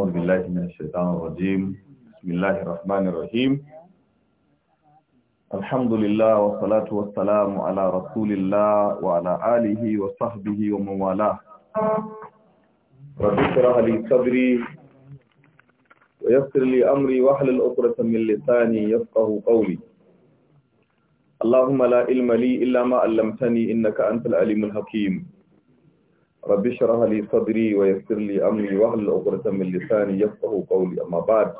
أعوذ بالله من الشيطان الرجيم بسم الله الرحمن الرحيم الحمد لله والصلاة والسلام على رسول الله وعلى آله وصحبه ومن والاه رب اشرح لي صدري ويسر لي أمري واحلل عقدة من لساني يفقه قولي اللهم لا علم لي إلا ما علمتني إنك أنت العليم الحكيم رب اشرح لي صدري ويسر لي امري واحلل عقدة من لساني يفقهوا قولي اما بعد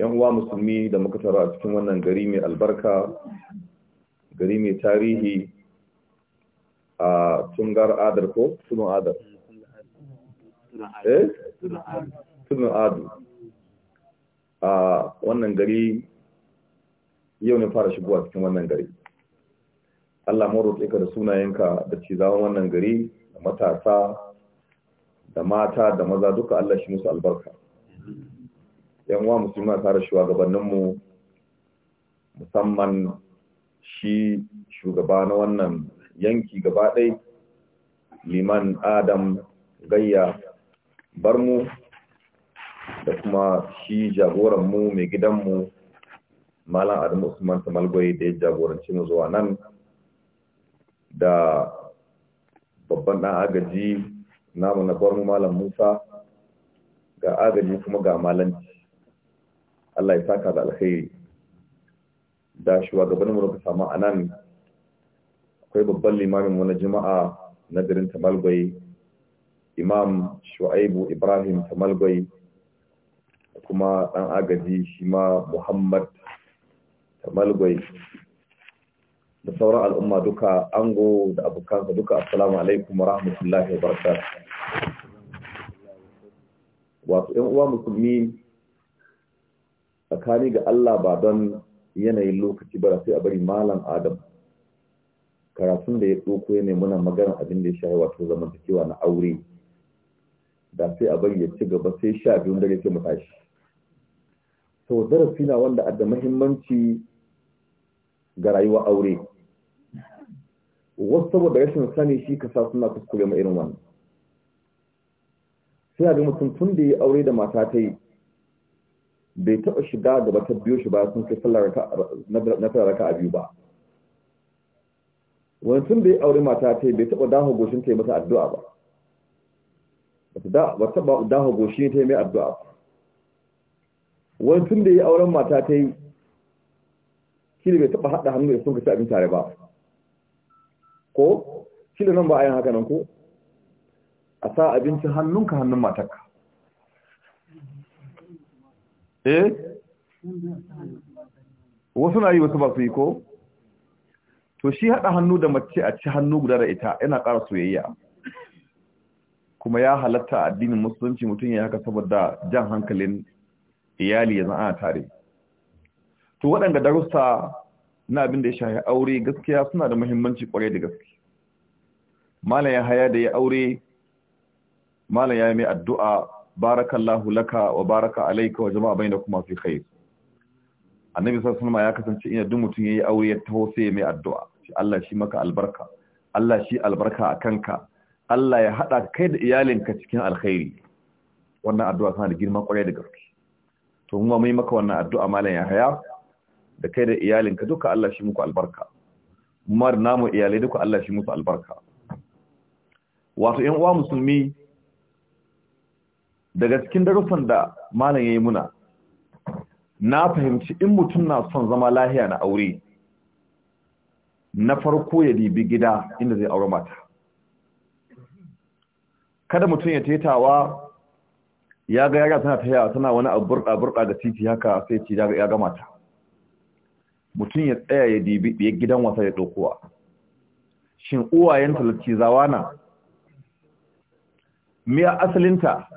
yan uwa musulmi da muka tara a cikin wannan gari mai albarka gari mai tarihi a tungar adar ko tunu adar eh? tunu adu a wannan gari yau ne fara shigowa cikin wannan gari Allah mu roƙe ka da sunayenka da cizawan wannan gari da matasa da mata da maza duka Allah shi musu albarka yan uwa musulma tare shugabannin mu musamman shi shugaba na wannan yanki gaba ɗaya liman adam gayya mu da kuma shi jagoran mu mai gidan mu malam adam usman tamalgoyi da ya jagoranci mu zuwa nan da babban ɗan agaji namu na gwarmu malam musa ga agaji kuma ga malanci allah ya saka da alkhairi da shugabanninmu da ka samu a akwai babban limaminmu na jima'a na garin tamalgwai imam shu'aibu ibrahim tamalgwai kuma ɗan agaji shi ma muhammad tamalgwai da sauran al'umma duka ango da abokansa duka assalamu alaikum wa rahmatullahi wa barakatuh yan uwa musulmi tsakani ga Allah ba don yanayin lokaci ba sai a bari malam adam karatun da ya doko ya muna magana abin da ya shahi wato zamantakewa na aure da sai a bari ya ci gaba sai sha biyun dare sai mu tashi sau darasi na wanda a da muhimmanci ga rayuwa aure wasu saboda rashin sani shi ka sa suna kuskure ma irin wannan sai a ga mutum tun da ya aure da mata ta yi bai taɓa shiga da bata biyo shi ba sun kai sallar na tara raka a biyu ba wani tun da ya aure mata ta yi bai taɓa daho goshin ta yi mata addu'a ba ba taɓa goshin ta yi mai addu'a ba wani tun da ya auren mata ta yi shi bai taɓa hada hannu da sun ka ci abin tare ba ko shi da nan ba a yin haka nan ko a sa abinci hannunka hannun matarka eh wasu na yi wasu ba su yi ko to shi haɗa hannu da mace a ci hannu guda da ita yana ƙara soyayya kuma ya halatta addinin musulunci mutum ya haka saboda jan hankalin iyali ya zan ana tare to waɗanda darussa na abin da ya shahi aure gaskiya suna da muhimmanci kwarai da gaske malam ya haya da ya aure malam ya yi mai addu'a barakallahu laka wa baraka alaika wa jama'a bayna kuma fi khair annabi sallallahu ya kasance ina duk mutum yayi aure ya taho sai mai addu'a shi Allah shi maka albarka Allah shi albarka a kanka Allah ya haɗa kai da iyalinka cikin alkhairi wannan addu'a tana da girma kwarai da gaske to mun mai maka wannan addu'a malam ya haya da kai da iyalinka duka Allah shi muku albarka mar namu iyalai duka Allah shi musu albarka wato 'yan uwa musulmi daga cikin darufan da malam yayi muna na fahimci in mutum na son zama lahiya na aure na farko ya dibi gida inda zai aure mata kada mutum ya tetawa ya ga yara tana tayawa tana wani aburda burda da titi haka sai ci ya ga mata mutum ya tsaya ya dibi ya gidan wasa ya ɗaukowa shin uwayen talarci zawa na miya asalinta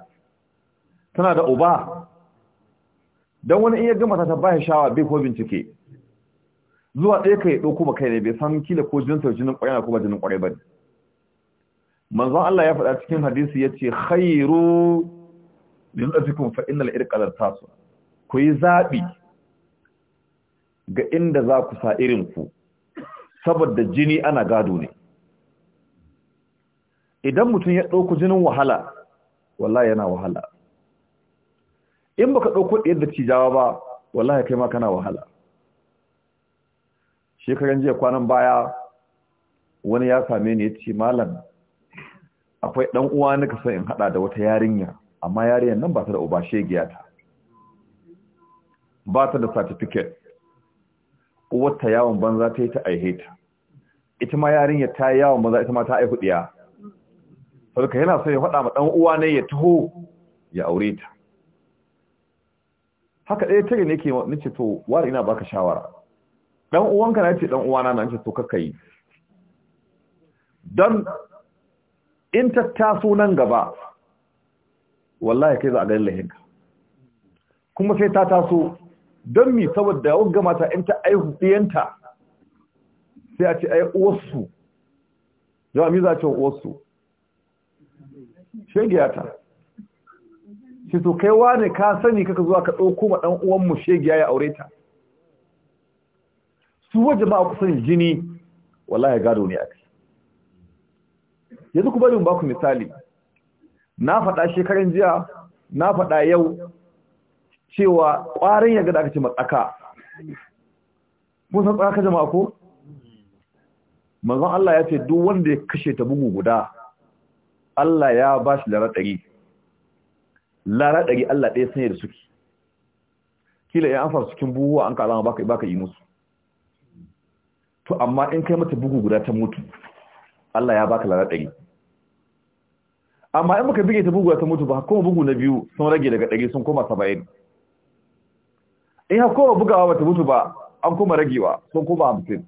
tana da uba don wani iya gama ta baya shawa bai ko bincike zuwa ɗaya ka ya ɗauko ba kai ne bai san kila ko jinsa da jinin ƙwarai ko ba jinin ƙwarai ba ne manzon Allah ya faɗa cikin hadisi ya ce khairu lil azikum fa innal irqa tasu ku yi zaɓi ga inda za ku sa ku, saboda jini ana gado ne idan mutum ya ɗauko jinin wahala wallahi yana wahala in baka ɗauko ɗiyar da cijawa ba wallahi kai ma kana wahala shekaran jiya kwanan baya wani ya same ni ya ce malam akwai ɗan uwa ka son in haɗa da wata yarinya amma yarinyar nan ba ta da ubashe giyata, ba ta da certificate uwarta yawon banza ta yi ta aihe ta ita ma yarinya ta yi yawon banza ita ma ta aihu ɗiya sarka yana so ya faɗa ma ɗan uwa ne ya taho ya aure ta haka ɗaya tare ne ke nace to wari ina baka shawara ɗan uwanka na ce ɗan uwana na nace to kaka yi don in ta taso nan gaba wallahi kai za a ganin lahinka kuma sai ta taso don mi saboda wagga mata in ta aihu ɗiyanta sai a ce ai uwarsu yawa mi za a ce uwarsu ta. shi to kai wane ka sani kaka zuwa ka ɗauko ma ɗan uwanmu shegiya ya aure ta su ba ku kusan jini wallahi gado ne aka yanzu ku bari mu ba ku misali na faɗa shekaran jiya na faɗa yau cewa ƙwarin ya gada aka ce matsaka mun san tsaka jama'a ko Mazan Allah ya ce duk wanda ya kashe ta bugu guda Allah ya ba shi lara ɗari Allah ɗaya sanya da suke kila ya amfara cikin buhuwa an ka alama baka ka yi musu to amma in kai mata bugu guda ta mutu Allah ya baka ka ɗari amma in muka bige ta bugu guda ta mutu ba kuma bugu na biyu sun rage daga ɗari sun koma saba'in in ha kowa bugawa bata mutu ba an kuma ragewa sun kuma hamsin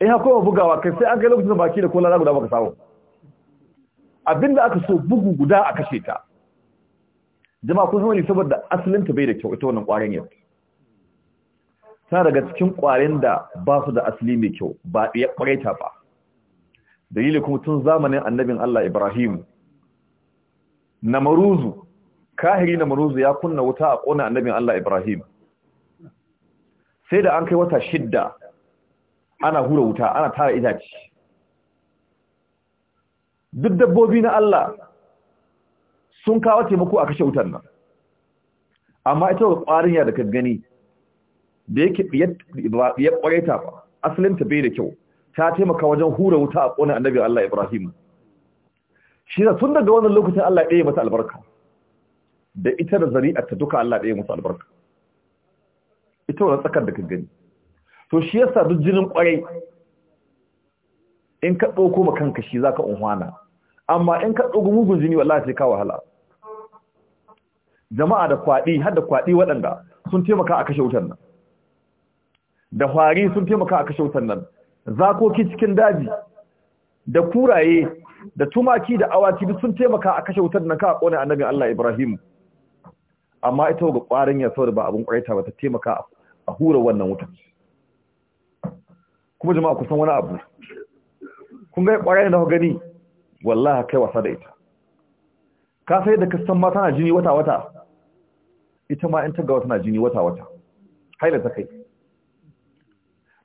in ha kowa bugawa kai sai an ga lokacin baki da kola guda baka samu abinda aka so bugu guda a kashe ta jama'a kun sani saboda asalin ta bai da kyau ita wannan ƙwarin yau ta daga cikin ƙwarin da ba su da asali mai kyau ba ya ƙwaraita ba dalili kuma tun zamanin annabin Allah Ibrahim na maruzu kahiri na maruzu ya kunna wuta a ƙona annabin Allah Ibrahim sai da an kai wata shidda ana hura wuta ana tara itace duk dabbobi na Allah sun kawo taimako a kashe wutar nan amma ita wa ƙwarin ya da ka gani da yake ya ƙware ta ba asalin ta bai da kyau ta taimaka wajen hura wuta a ƙonin annabi Allah Ibrahim shi da tun daga wannan lokacin Allah ya ɗaya masa albarka da ita da zari'ar ta duka Allah ya ɗaya masa albarka ita wani tsakar da ka gani to shi yasa duk jinin kwarai in ka ɗauko ma kanka shi zaka unhwana amma in ka ɗauko mugun jini wallahi sai ka wahala jama'a da kwaɗi har da kwaɗi waɗanda sun taimaka a kashe wutan nan da hwari sun taimaka a kashe wutan nan zakoki cikin daji da kuraye da tumaki da awaki duk sun taimaka a kashe wutan nan ka kone annabin Allah Ibrahim amma ita ga kwarin ya saboda ba abun kwaita ba ta taimaka a a hura wannan wuta kuma jama'a kusan wani abu kun ga kwarai da gani wallahi kai wasa da ita ka sai da kasan ma tana jini wata-wata ita ma in ta ga tana jini wata-wata haila ta kai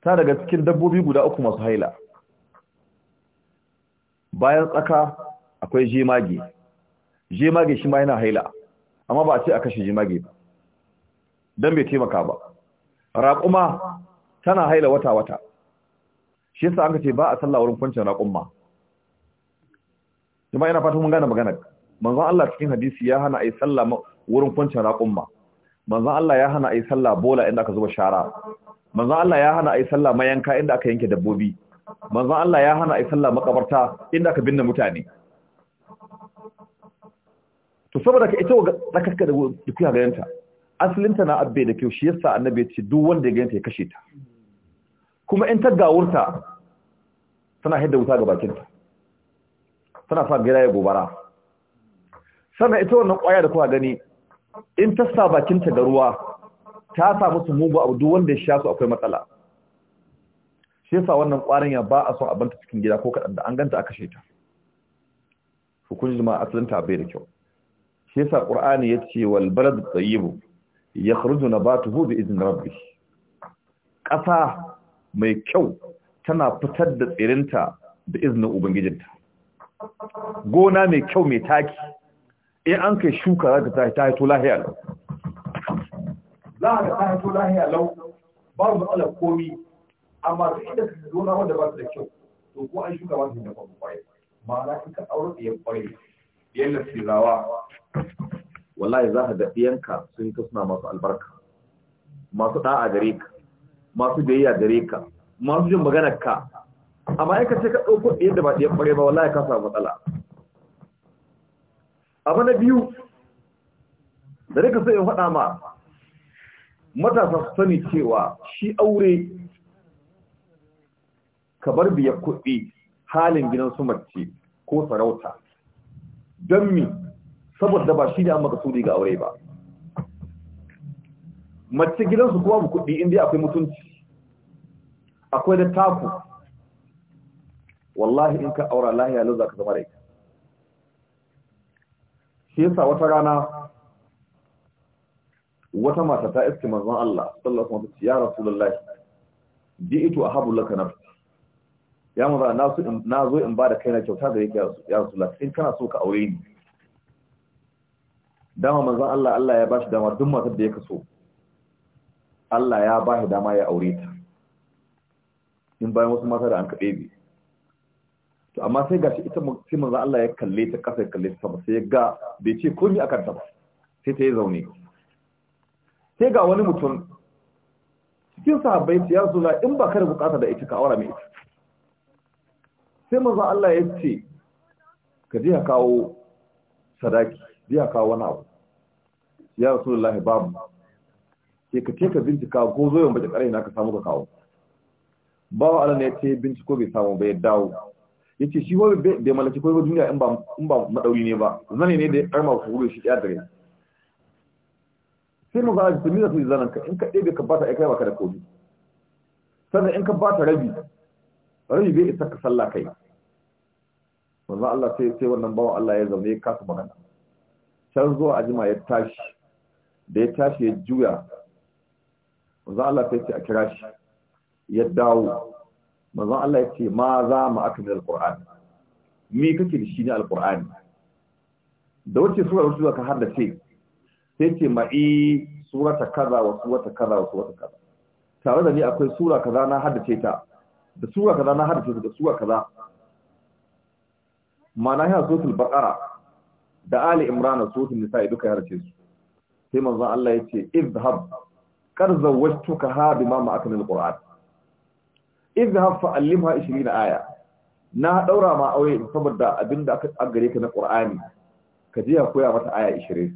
ta daga cikin dabbobi guda uku masu haila bayan tsaka akwai jemage jemage shi ma yana haila amma ba a ce a kashe jemage ba Dan bai taimaka ba raƙuma tana haila wata-wata shi yasa an ce ba a sallah wurin kwancin raƙuma kuma ina fatan mun gane magana manzon Allah cikin hadisi ya hana ai sallah wurin kwancin raƙuma manzon Allah ya hana ai sallah bola inda aka zuba shara manzon Allah ya hana ai sallah mayanka inda aka yanke dabbobi manzon Allah ya hana ai sallah makabarta inda aka binne mutane to saboda ka ita ga tsakakka da kuya asalinta na abbe da kyau shi yasa annabi ce duk wanda ya ganta ya kashe ta kuma in ta gawurta tana hidda wuta ga bakinta tana sa gida ya gobara sannan ita wannan kwaya da kuka gani in ta sa ta da ruwa ta sa musu mugu abu duk wanda ya sha su akwai matsala shi yasa wannan kwarin ya ba a son abanta cikin gida ko kaɗan da an ganta a kashe ta hukunci ma asalinta bai da kyau shi yasa qur'ani ce wal balad tayyibu ya kharuju nabatuhu bi idin rabbi ƙasa mai kyau tana fitar da tsirinta da izinin ubangijinta gona mai kyau mai taki in an kai shuka za ka ta haito lahiya lau za ka ta lahiya lau mu matsalar komi amma su inda ka gona wanda ba su da kyau to ko an shuka ba su da kwakwai ma'ana in ka aure da ya kwarai yalla sirawa wallahi za ka ga iyanka sun ta suna masu albarka masu ɗa'a gare ka masu biyayya gare ka masu jin maganar ka amma ka ce ka ɗauko ɗiyar da ba ɗiyar ƙware ba wallahi ka samu matsala abu na biyu da rika sai in faɗa ma matasa su sani cewa shi aure ka bar biyar kuɗi halin gidan su mace ko sarauta don mi saboda ba shi ne an makasudi ga aure ba mace gidansu kuma mu kuɗi inda akwai mutunci akwai da taku wallahi in ka aura lahiya lau za ka zama da ita shi yasa wata rana wata mata ta iske manzon Allah sallallahu alaihi wasallam ya rasulullahi ito ahabu laka nafsi ya maza na zo in ba da kaina kyauta da yake ya rasulullahi in kana so ka aure ni dama manzon Allah Allah ya bashi dama duk matar da ya kaso Allah ya bashi dama ya aure ta in bayan wasu mata da an kaɗe bi to amma sai gashi ita sai manzon Allah ya kalle ta kasa ya kalle ta sama sai ya ga bai ce komai akan ta ba sai ta yi zaune sai ga wani mutum cikin sahabbai ya zula in ba ka da bukata da ita ka aura mai ita sai manzon Allah ya ce ka je ka kawo sadaki biya kawo wani abu ya rasulullahi babu ke ka ka bincika ko zo yawan bata karai na ka samu ka kawo bawa Allah ya ce binciko bai samu bai dawo ya ce shi wani bai malaki ko duniya in ba maɗauri ne ba zane ne da ya karma ku wuri shi ɗaya dare sai mu ga ajiyar mila su zanen ka in ka ɗebe ka bata aikai baka da kodi sannan in ka bata rabi rabi bai isa ka sallah kai wanzan Allah sai wannan bawa Allah ya zaune ya kasa magana can zuwa ajima ya tashi da ya tashi ya juya maza Allah ta ce a kira shi ya dawo maza Allah ya ce ma za mu aka da alƙur'an me kake da shi ne alƙur'an da wace sura wasu ka ce sai ce ma'i surata kaza wa wata kaza wa wata kaza tare da ni akwai sura kaza na ce ta da sura kaza na ce ta da sura kaza ma'ana ya suratul baƙara da ali imran suratul nisa'i duka ya haddace su sai manzo Allah ya ce izhab kar ka ha bima ma nuna alquran izhab fa allimha 20 aya na daura ma aure saboda abinda aka gare ka na qur'ani ka je ka koya mata aya 20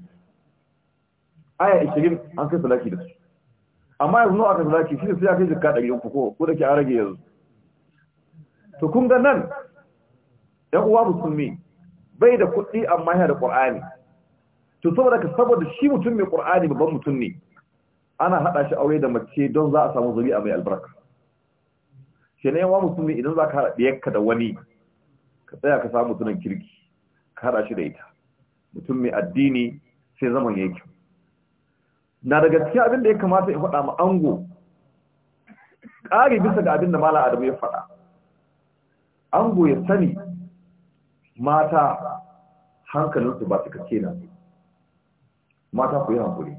aya 20 an kai salati da su amma yanzu nawa aka salati shi sai aka jikka 300 ko ko da ke an rage yanzu to kun ga nan ya uwa musulmi bai da kuɗi amma yana da qur'ani to saboda ka saboda shi mutum mai qur'ani babban mutum ne ana hada shi aure da mace don za a samu zuri'a mai albarka shi ne yawa mutum ne idan za ka haɗa da wani ka tsaya ka samu mutumin kirki ka haɗa shi da ita mutum mai addini sai zaman yake na daga cikin abin da ya kamata ya faɗa ma ango ƙari bisa ga abin da mala adamu ya faɗa ango ya sani mata hankalinsu ba su kake su. mata ku yi hankuri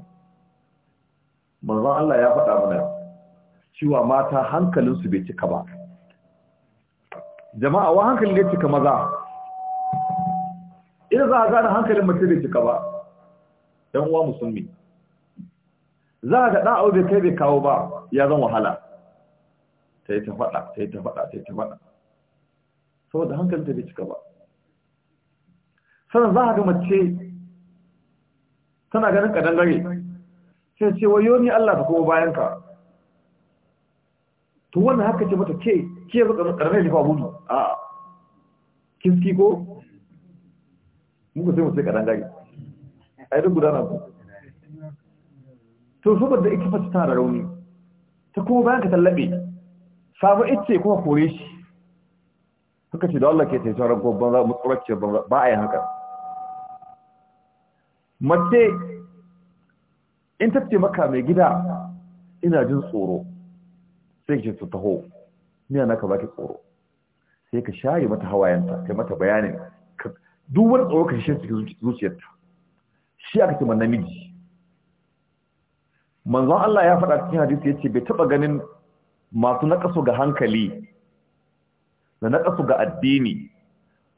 manzon Allah ya faɗa mana cewa mata hankalinsu bai cika ba jama'a wa hankalin ya cika maza idan za a gane hankalin mace bai cika ba ɗan uwa musulmi za a ga ɗa'au bai kai bai kawo ba ya zan wahala ta yi ta faɗa ta yi ta faɗa ta yi ta faɗa saboda ta bai cika ba sannan za a ga mace tana ganin kadangare sai ce wayo ni Allah ka kuma bayan ka to wannan haka ce mata ke ke zuka karnar lifa gudu a kiski ko muka sai mu sai kadangare ai duk gudana ku to saboda ita fata tana da rauni ta kuma bayan ka tallabe sabu ice kuma kore shi suka ce da Allah ke taitar gobban za mu tsorace banza ba a yi haka mace in ta ce maka mai gida ina jin tsoro sai ke su taho niya na ka baki tsoro sai ka shaye mata hawayenta kai mata bayanin duk wani tsoro ka shi cikin zuciyarta shi aka ce namiji manzon Allah ya faɗa cikin hadisi ce bai taba ganin masu naƙasu ga hankali da naƙasu ga addini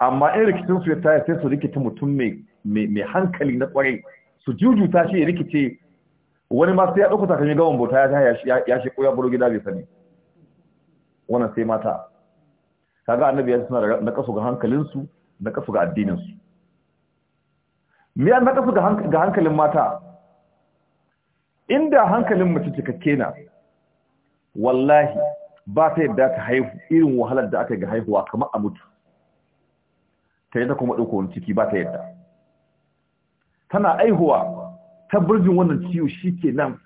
amma in rikicin su ya taya sai su rikita mutum mai hankali na kwarai su jujuta shi ya rikice wani ma sai ya takami ga gawan bauta ya ta ya shi koya buru gida bai sani wannan sai mata kaga annabi ya suna da kasu ga hankalinsu kasu ga addininsu me ya nakasu ga hankalin mata inda hankalin mace cikakke na wallahi ba ta yadda ta haihu irin wahalar da aka ga haihuwa kamar a mutu ta ta kuma ɗauko wani ciki ba ta yadda tana aihuwa ta birjin wannan ciwo shi ke nan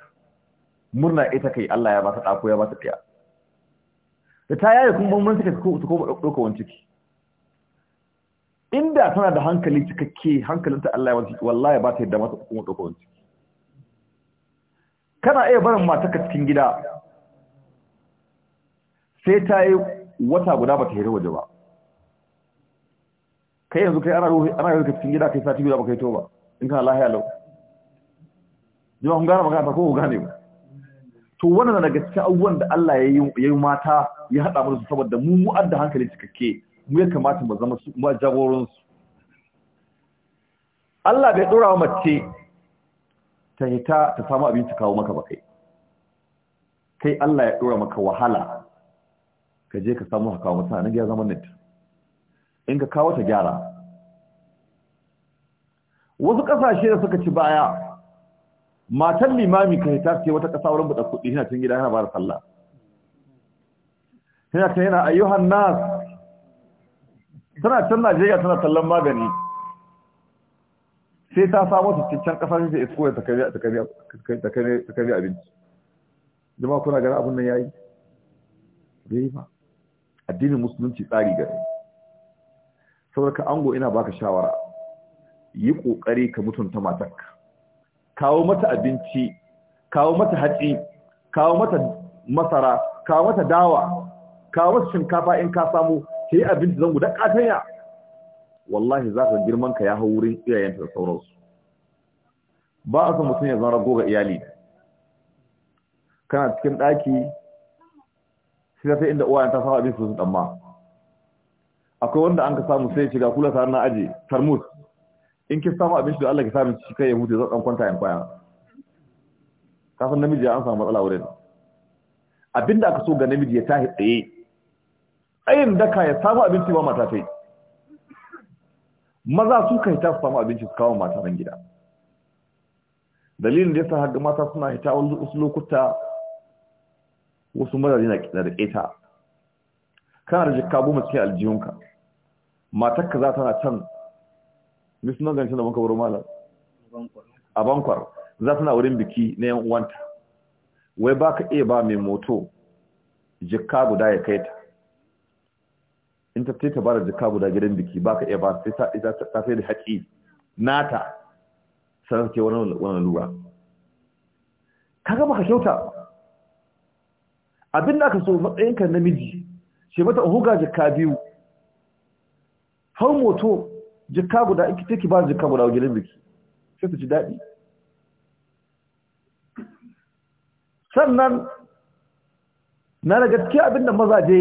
murna ita kai Allah ya ba ta ɗako ya ba ta ɗaya da ta yaya kuma murna suka su kuma ɗauka wani ciki inda tana da hankali cikakke hankalinta Allah ya ba ta wallahi ba ta yadda mata kuma ɗauka wani ciki kana iya barin ka cikin gida sai ta yi wata guda ba ta hira waje ba kai yanzu kai ana yau ka cikin gida kai sati biyu da baka yi ba in kana lahiya lau jima kun gane magana ko ku gane ba to wannan daga cikin abubuwan da Allah ya yi mata ya haɗa mana su saboda mu mu'adda hankali cikakke mu ya kamata mu zama su ma jagoransu Allah bai ɗora wa mace ta hita ta samu abinci kawo maka ba kai kai Allah ya ɗora maka wahala ka je ka samu haka mutane ya zama nita in ka kawo ta gyara wasu ƙasashe da suka ci baya matan limami ka hita ce wata ƙasa wurin buɗa kuɗi yana cin gida yana ba da sallah yana ta yana yohan nas tana can najeriya tana tallan magani sai ta samu su cikin ƙasashe sai isko ya takari abinci jama'a kuna ganin abin nan yayi bai ba addinin musulunci tsari gare saboda ango ina baka shawara yi kokari ka mutunta matarka kawo mata abinci kawo mata hatsi kawo mata masara kawo mata dawa kawo mata shinkafa in ka samu yi abinci zan guda katanya wallahi za ka girman ka ya hau wurin iyayenta da sauransu ba a san mutum ya zama rago ga iyali kana cikin ɗaki sai ta inda uwayen ta samu abinci su sun ma akwai wanda an ka samu sai shiga kula sa na aji tarmus in ki samu abinci da Allah ki samu shi kai ya huce dan kwanta yan kwaya kafin namiji ya an samu matsala wurin abinda aka so ga namiji ya tahi tsaye da ka ya samu abinci ba mata tai maza su kai ta samu abinci su kawo mata nan gida dalilin da yasa har mata suna hita wasu lokuta wasu mazaje na da ƙeta kana da jikka goma cikin aljihunka matakka za tana can ni nan gancin da banka wuri malam a bankwar za tana wurin biki na yan uwanta wai ba ka iya ba mai moto jikka guda ya kai ta in ta ta da jikka guda gidan biki ba ka iya ba sai ta ita ta sai da haƙi nata sanar ke wani wani lura gaba ka kyauta abinda aka so matsayinka namiji shi mata huga jikka biyu har moto jikka guda in take ba jikka guda a gidan biki sai su ji daɗi sannan na da gaskiya abinda mazaje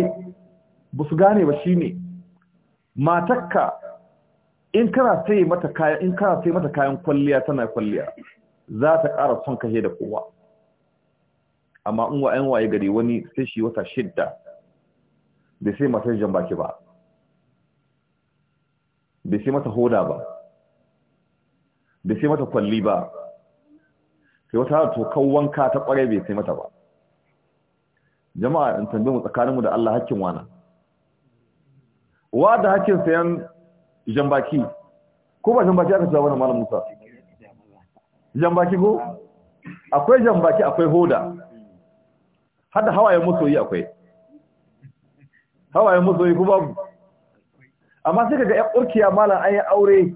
ba su gane ba shine matakka in kana sai mata kayan in kana sai mata kayan kwalliya tana kwalliya za ta ƙara son kashe da kowa amma in wa'ayen waye gari wani sai shi wata shidda bai sai matar jan baki ba bai sai mata hoda ba bai sai mata kwalli ba sai wata to wanka ta kware bai sai mata ba jama'a in tambi mu tsakaninmu da Allah hakkin wana wa da hakkin sayan jambaki ko ba jambaki aka cewa wani malam Musa jambaki ko akwai jambaki akwai hoda Hada hawayen hawaye masoyi akwai hawaye masoyi ko babu amma sai kaga yan urkiya malam an yi aure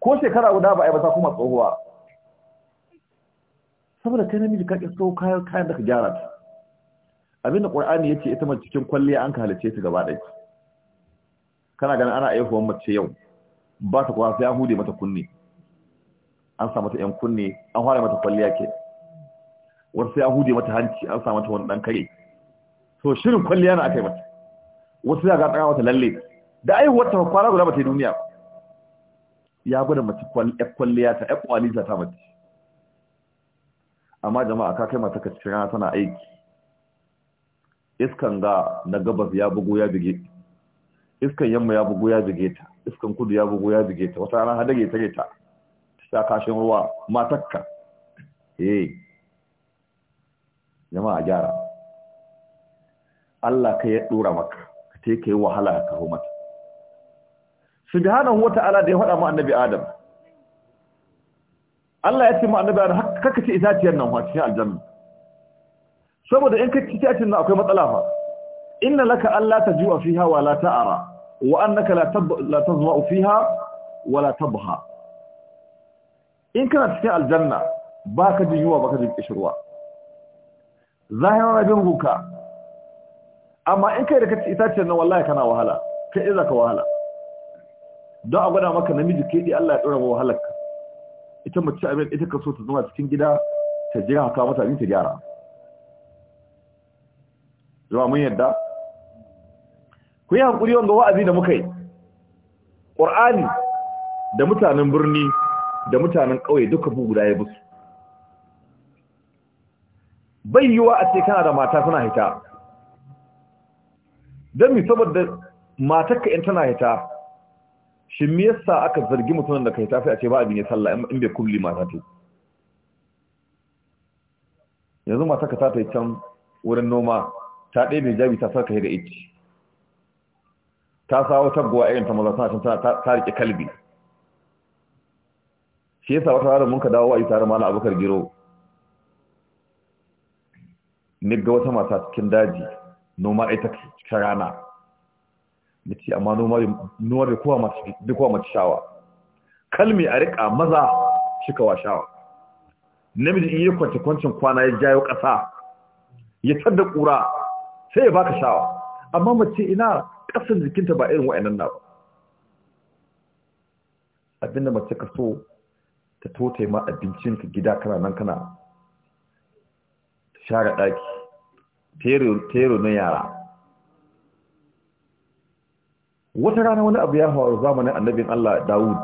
ko shekara guda ba a yi ba ta kuma tsohuwa saboda kai namiji ka iso kayan kayan da ka gyara ta abinda ya ce ita mace cikin kwalliya an ka halice ta gaba ɗaya kana ganin ana aihuwan mace yau ba ta kwa sai an hude mata kunne an sa mata yan kunne an hware mata kwalliya ke wasu sai an hude mata hanci an sa mata wani ɗan kare to shirin kwalliya na aka yi mata wasu ya ga tsaka mata lalle da ai ta kwara guda bata yi duniya ya gwada mace kwalliya ta ƴa kwaliza ta mace amma jama'a ka kai mata ka cikin rana tana aiki iskan ga na gabas ya bugu ya bige iskan yamma ya bugu ya bige ta iskan kudu ya bugu ya bige ta wata rana hadage ta ta ta kashin ruwa matakka eh jama'a gyara Allah ka ya dora maka ka kai wahala ka kawo mata subhanahu wata'ala da ya faɗa mu annabi adam Allah ya ce mu annabi adam haka ce itaciyar nan cikin aljanna saboda in kace itaciyar nan akwai matsala fa inna laka alla tajua fiha wa la ta'ara wa annaka la tab la tazma'u fiha wa la tabha in kana cikin aljanna baka jin yuwa baka jin kishirwa zahiran rabin huka amma in kai da kace itaciyar nan wallahi kana wahala kai iza ka wahala don a gwada maka namiji ke Allah ya ɗora wa halakka ita mace abin ita ka so ta zama cikin gida ta jira haka mata abin ta gyara zuwa mun yadda ku yi hankuri wanda wa'azi da muka yi ƙur'ani da mutanen birni da mutanen ƙauye duka guda ya busu bai yi a ce kana da mata suna hita don mi saboda matakka in tana hita shi me yasa aka zargi mutumin da kai tafi a ce ba abin ya sallah in bai kulli mata ta yanzu mata ka ta can wurin noma ta ɗaya mai jabi ta sarka ga ita. ta wata guwa irin ta maza tana can tana ta rike kalbi shi yasa wata ranar mun ka dawo a yi tare mana abubakar giro ni ga wata mata cikin daji noma ita ta rana da amma nuwar da kowa mace shawa kalmi a riƙa maza kawa shawa namiji in yi kwanci-kwancin kwana ya jayo ƙasa ya tadda ƙura sai ya baka shawa amma mace ina ƙasar jikinta ba irin wa'annan na ba abinda mace ka so ta tota ma abincinka gida kana nan kana ta share ɗaki tero na yara wata rana wani abu ya faru zamanin annabin Allah Dawud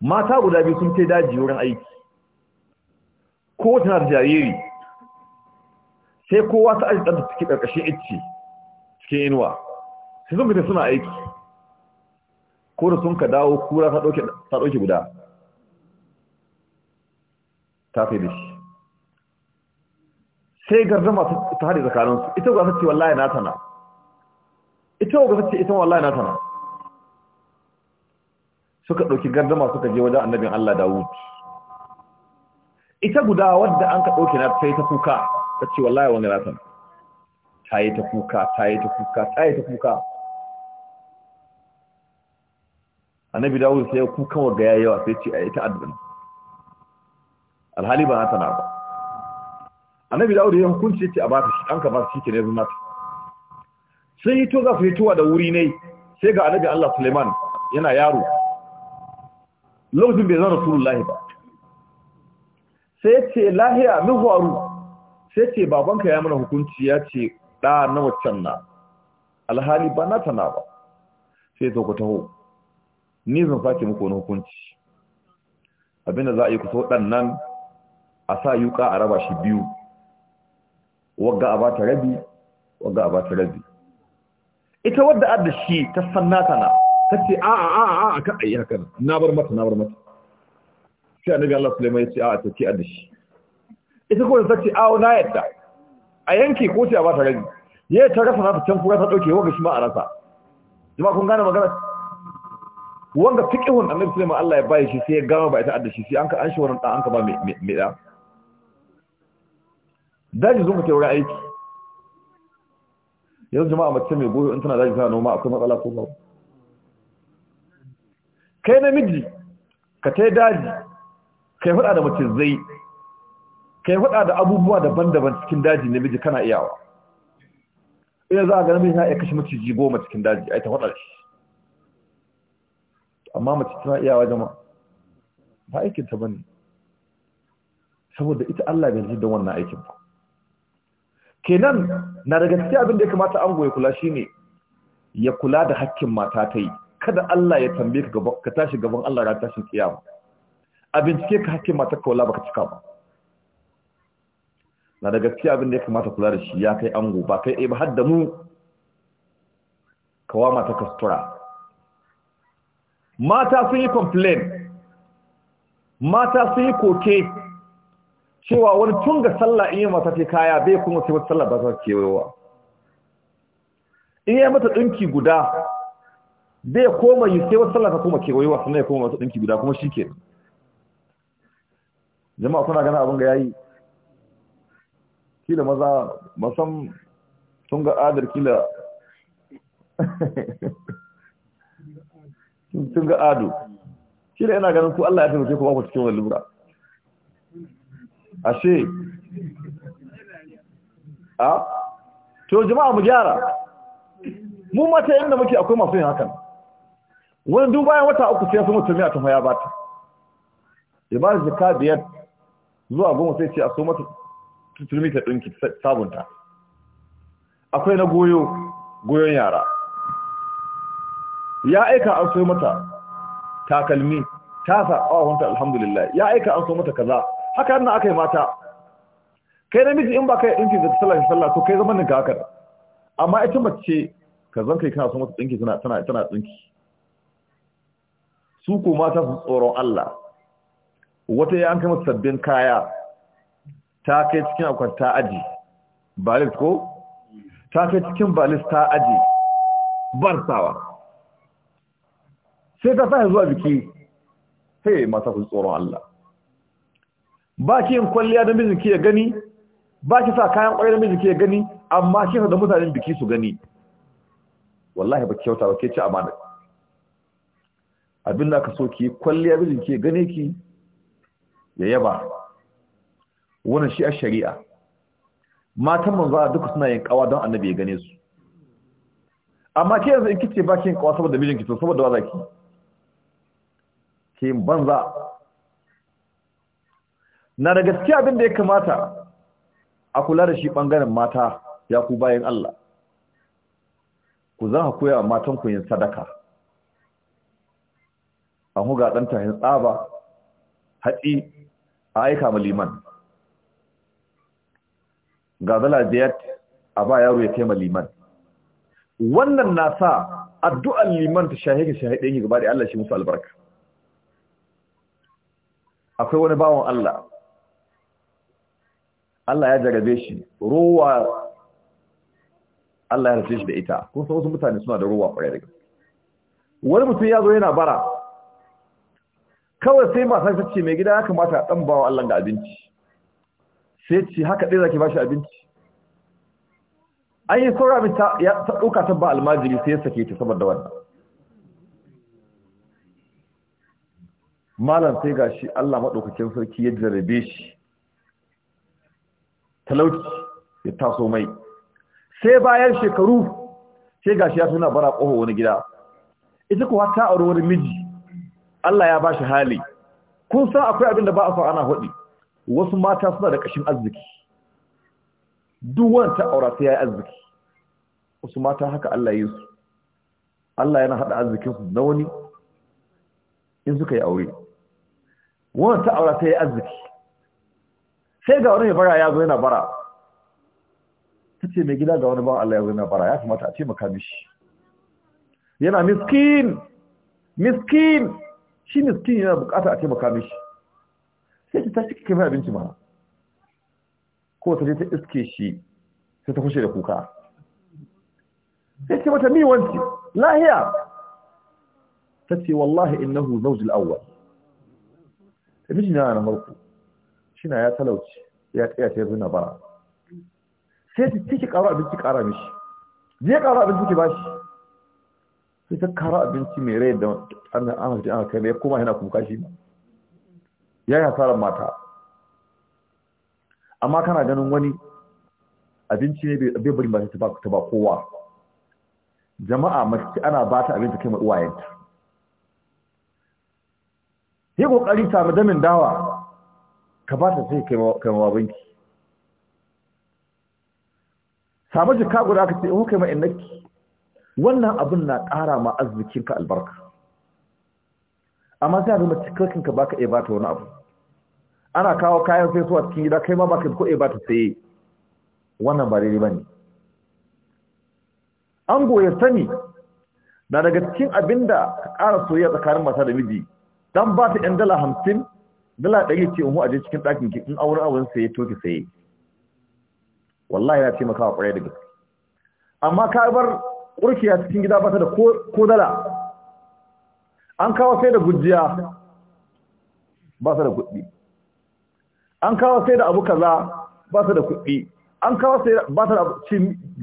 mata guda biyu sun ce daji wurin aiki ko tana da jariri sai kowa ta aji ɗanta cikin ƙarƙashin icce cikin inuwa sai sun fita suna aiki ko da sun ka dawo kura ta ɗauke guda ta fi dashi sai gardama ta hari tsakaninsu ita ga ta ce wallahi na sana'a ita wa ce ita wallahi na sana suka ɗauki gardama suka je wajen annabin Allah Dawud ita guda wadda an ka ɗauki na ta yi ta kuka ta ce wallahi wani na sana ta yi ta kuka ta yi ta kuka ta yi ta kuka annabi Dawud sai ya kukan wa gaya yawa sai ce a ita addu'a alhali ba na sana ba annabi Dawud ya hukunci ce a ba ta shi an ka ba shi ke ne zunata sun yi toga su da wuri ne sai ga annabi Allah Suleiman yana yaro lokacin bai zan rasulullahi ba sai ce lahiya min faru sai ce babanka ya mana hukunci ya ce da na waccan na alhali ba na tana ba sai zo ku taho ni zan sake muku wani hukunci abinda za a yi ku so ɗan nan a sa yuka a raba shi biyu wagga a rabi wagga a rabi ita wadda adda shi ta sannata na ta ce a a a a a kan ayi haka na bar mata na bar mata sai annabi Allah Sulaiman ya ce a a take adda shi ita ko ta ce a na yadda a yanki ko sai a ba ta gani. yayi ta rasa na ta can kuma ta dauke wanga shi ma a rasa jama'a kun gane magana wanga fiqhun annabi Sulaiman Allah ya bayi shi sai ya gama ba ita adda shi sai an ka an shi wannan dan an ka ba me me da daji zuwa ta tayi aiki yanzu jama'a mace mai goyo in tana daji tana noma akwai matsala ko ba kai namiji ka tai daji kai hada da mace zai kai hada da abubuwa daban-daban cikin daji namiji kana iyawa ina za a ga namiji na iya kashe maciji goma cikin daji yi ta hada shi amma mace tana iyawa jama'a ba aikinta ba ne. saboda ita Allah bai ji da wannan aikin ku. kenan na daga cikin abin da ya kamata an goye kula ne ya kula da hakkin mata ta yi kada Allah ya tambaye ka gaba ka tashi gaban Allah ran tashin kiyama a bincike ka hakkin mata ka wala baka cika ba na daga cikin abin da ya kamata kula da shi ya kai ango ba kai ba har da mu kawa mata ka sutura mata sun yi complain mata sun yi koke cewa wani tun ga sallah in yi mata ce kaya bai kuma sai wata sallah ba ta kewayowa in yi mata ɗinki guda bai koma yi sai wata sallah ta kuma kewayowa sannan ya koma mata ɗinki guda kuma shi ke jama'a kuna gana abin ga yayi kila maza san sun ga adar kila sun ga ado kila yana ganin ku Allah ya taimake ku ba ku cikin wani lura ashe a to jama'a mu gyara mu mata yanda muke akwai masu yin hakan wani duk bayan wata uku sai sun mutum ya tafi ta ya bata da zakka biyar zuwa goma sai ce a so mata tutumi ta dinki sabunta akwai na goyo goyon yara ya aika an so mata takalmi ta sa awon ta alhamdulillah ya aika an so mata kaza haka yana aka yi mata kai namiji in ba kai ɗinki da sallah sallah to kai zaman ninka haka amma ita mace ka zan kai kana son wata ɗinki tana tana tana ɗinki su ko mata su tsoron Allah wata ya an kai mata sabbin kaya ta kai cikin akwai ta aji balis ko ta kai cikin balis ta aji barsawa sai ta sa zuwa biki sai mata su tsoron Allah ba ki yin kwalliya don mijinki ya gani ba ki sa kayan kwalliya don mijinki ya gani amma ki da mutanen biki su gani wallahi ba kyauta ba ke ci amana abin da ka so ki kwalliya mijinki ya gane ki ya yaba Wani shi a shari'a matan manzo duka suna yin kawa don annabi ya gane su amma ke yanzu in kice ba ki yin kawa saboda mijinki to saboda wa Ki ke banza na da gaskiya abin da ya kamata a kula da shi bangaren mata ya ku bayan Allah ku za ku koya matan ku yin sadaka an huga ɗan tahin tsaba hatsi a aika ma liman ga zala biyat a ba yaro ya taima liman wannan na sa addu'an liman ta shahidi shahidin gaba da Allah shi musu albarka akwai wani bawon Allah Allah ya jarabe shi ruwa Allah ya rufe shi da ita kun san wasu mutane suna da ruwa kwarai daga wani mutum ya zo yana bara kawai sai matar ta ce mai gida ya kamata a ɗan bawa Allah ga abinci sai ce haka ɗaya zaki bashi abinci an yi saura mai ta ya ta ta ba almajiri sai ya sake ta saboda wannan malam sai gashi Allah maɗaukacin sarki ya jarabe shi talauci ya taso mai sai bayan shekaru sai gashi ya tuna bara ƙoho wani gida ita kuwa ta auri wani miji Allah ya bashi hali kun san akwai abin da ba a so ana hudi wasu mata suna da kashin arziki duk wanda ta aura sai yayi arziki wasu mata haka Allah ya yi su Allah yana hada arzikin su na wani in suka yi aure wanda ta aura sai yayi arziki sai ga wani fara ya zo yana bara ta ce mai gida ga wani ba Allah ya zo yana bara ya kamata a taimaka mishi yana miskin miskin shi miskin yana bukata a taimaka mishi sai ta tashi kake mai abinci ma ko ta je ta iske shi sai ta kushe da kuka sai ce mata mi wanci lahiya ta ce wallahi innahu zawjul awwal ta miji na na farko shina ya talauci ya tsaya ta zuna bara sai ta ciki karo abinci kara mishi zai karo abinci ki bashi sai ta karo abinci mai rai da an an ana kai mai kuma yana kuka shi ya yi hasarar mata amma kana ganin wani abinci ne bai bari ba ta ba kowa jama'a mace ana ba ta abinci kai mai uwayenta yi kokari samu damin dawa ka ba ta sai kai ma banki samu jika guda ka ce in kai ma innaki wannan abin na ƙara ma arzikin ka albarka amma sai abin cikakken ka baka iya ba ta wani abu ana kawo kayan sai suwa cikin gida kai ma baka ko iya ba ta saye wannan ba daidai bane an goya sani na daga cikin abinda ka ƙara soyayya tsakanin mata da miji dan ba ta yan dala hamsin dala ɗari ce umu a je cikin ɗakin ki in auren abin sai to ki saye wallahi maka taimakawa ƙwarai da gaske amma ka bar a cikin gida ba ta da ko dala an kawo sai da gujiya ba ta da kuɗi an kawo sai da abu kaza ba ta da kuɗi an kawo sai ba ta da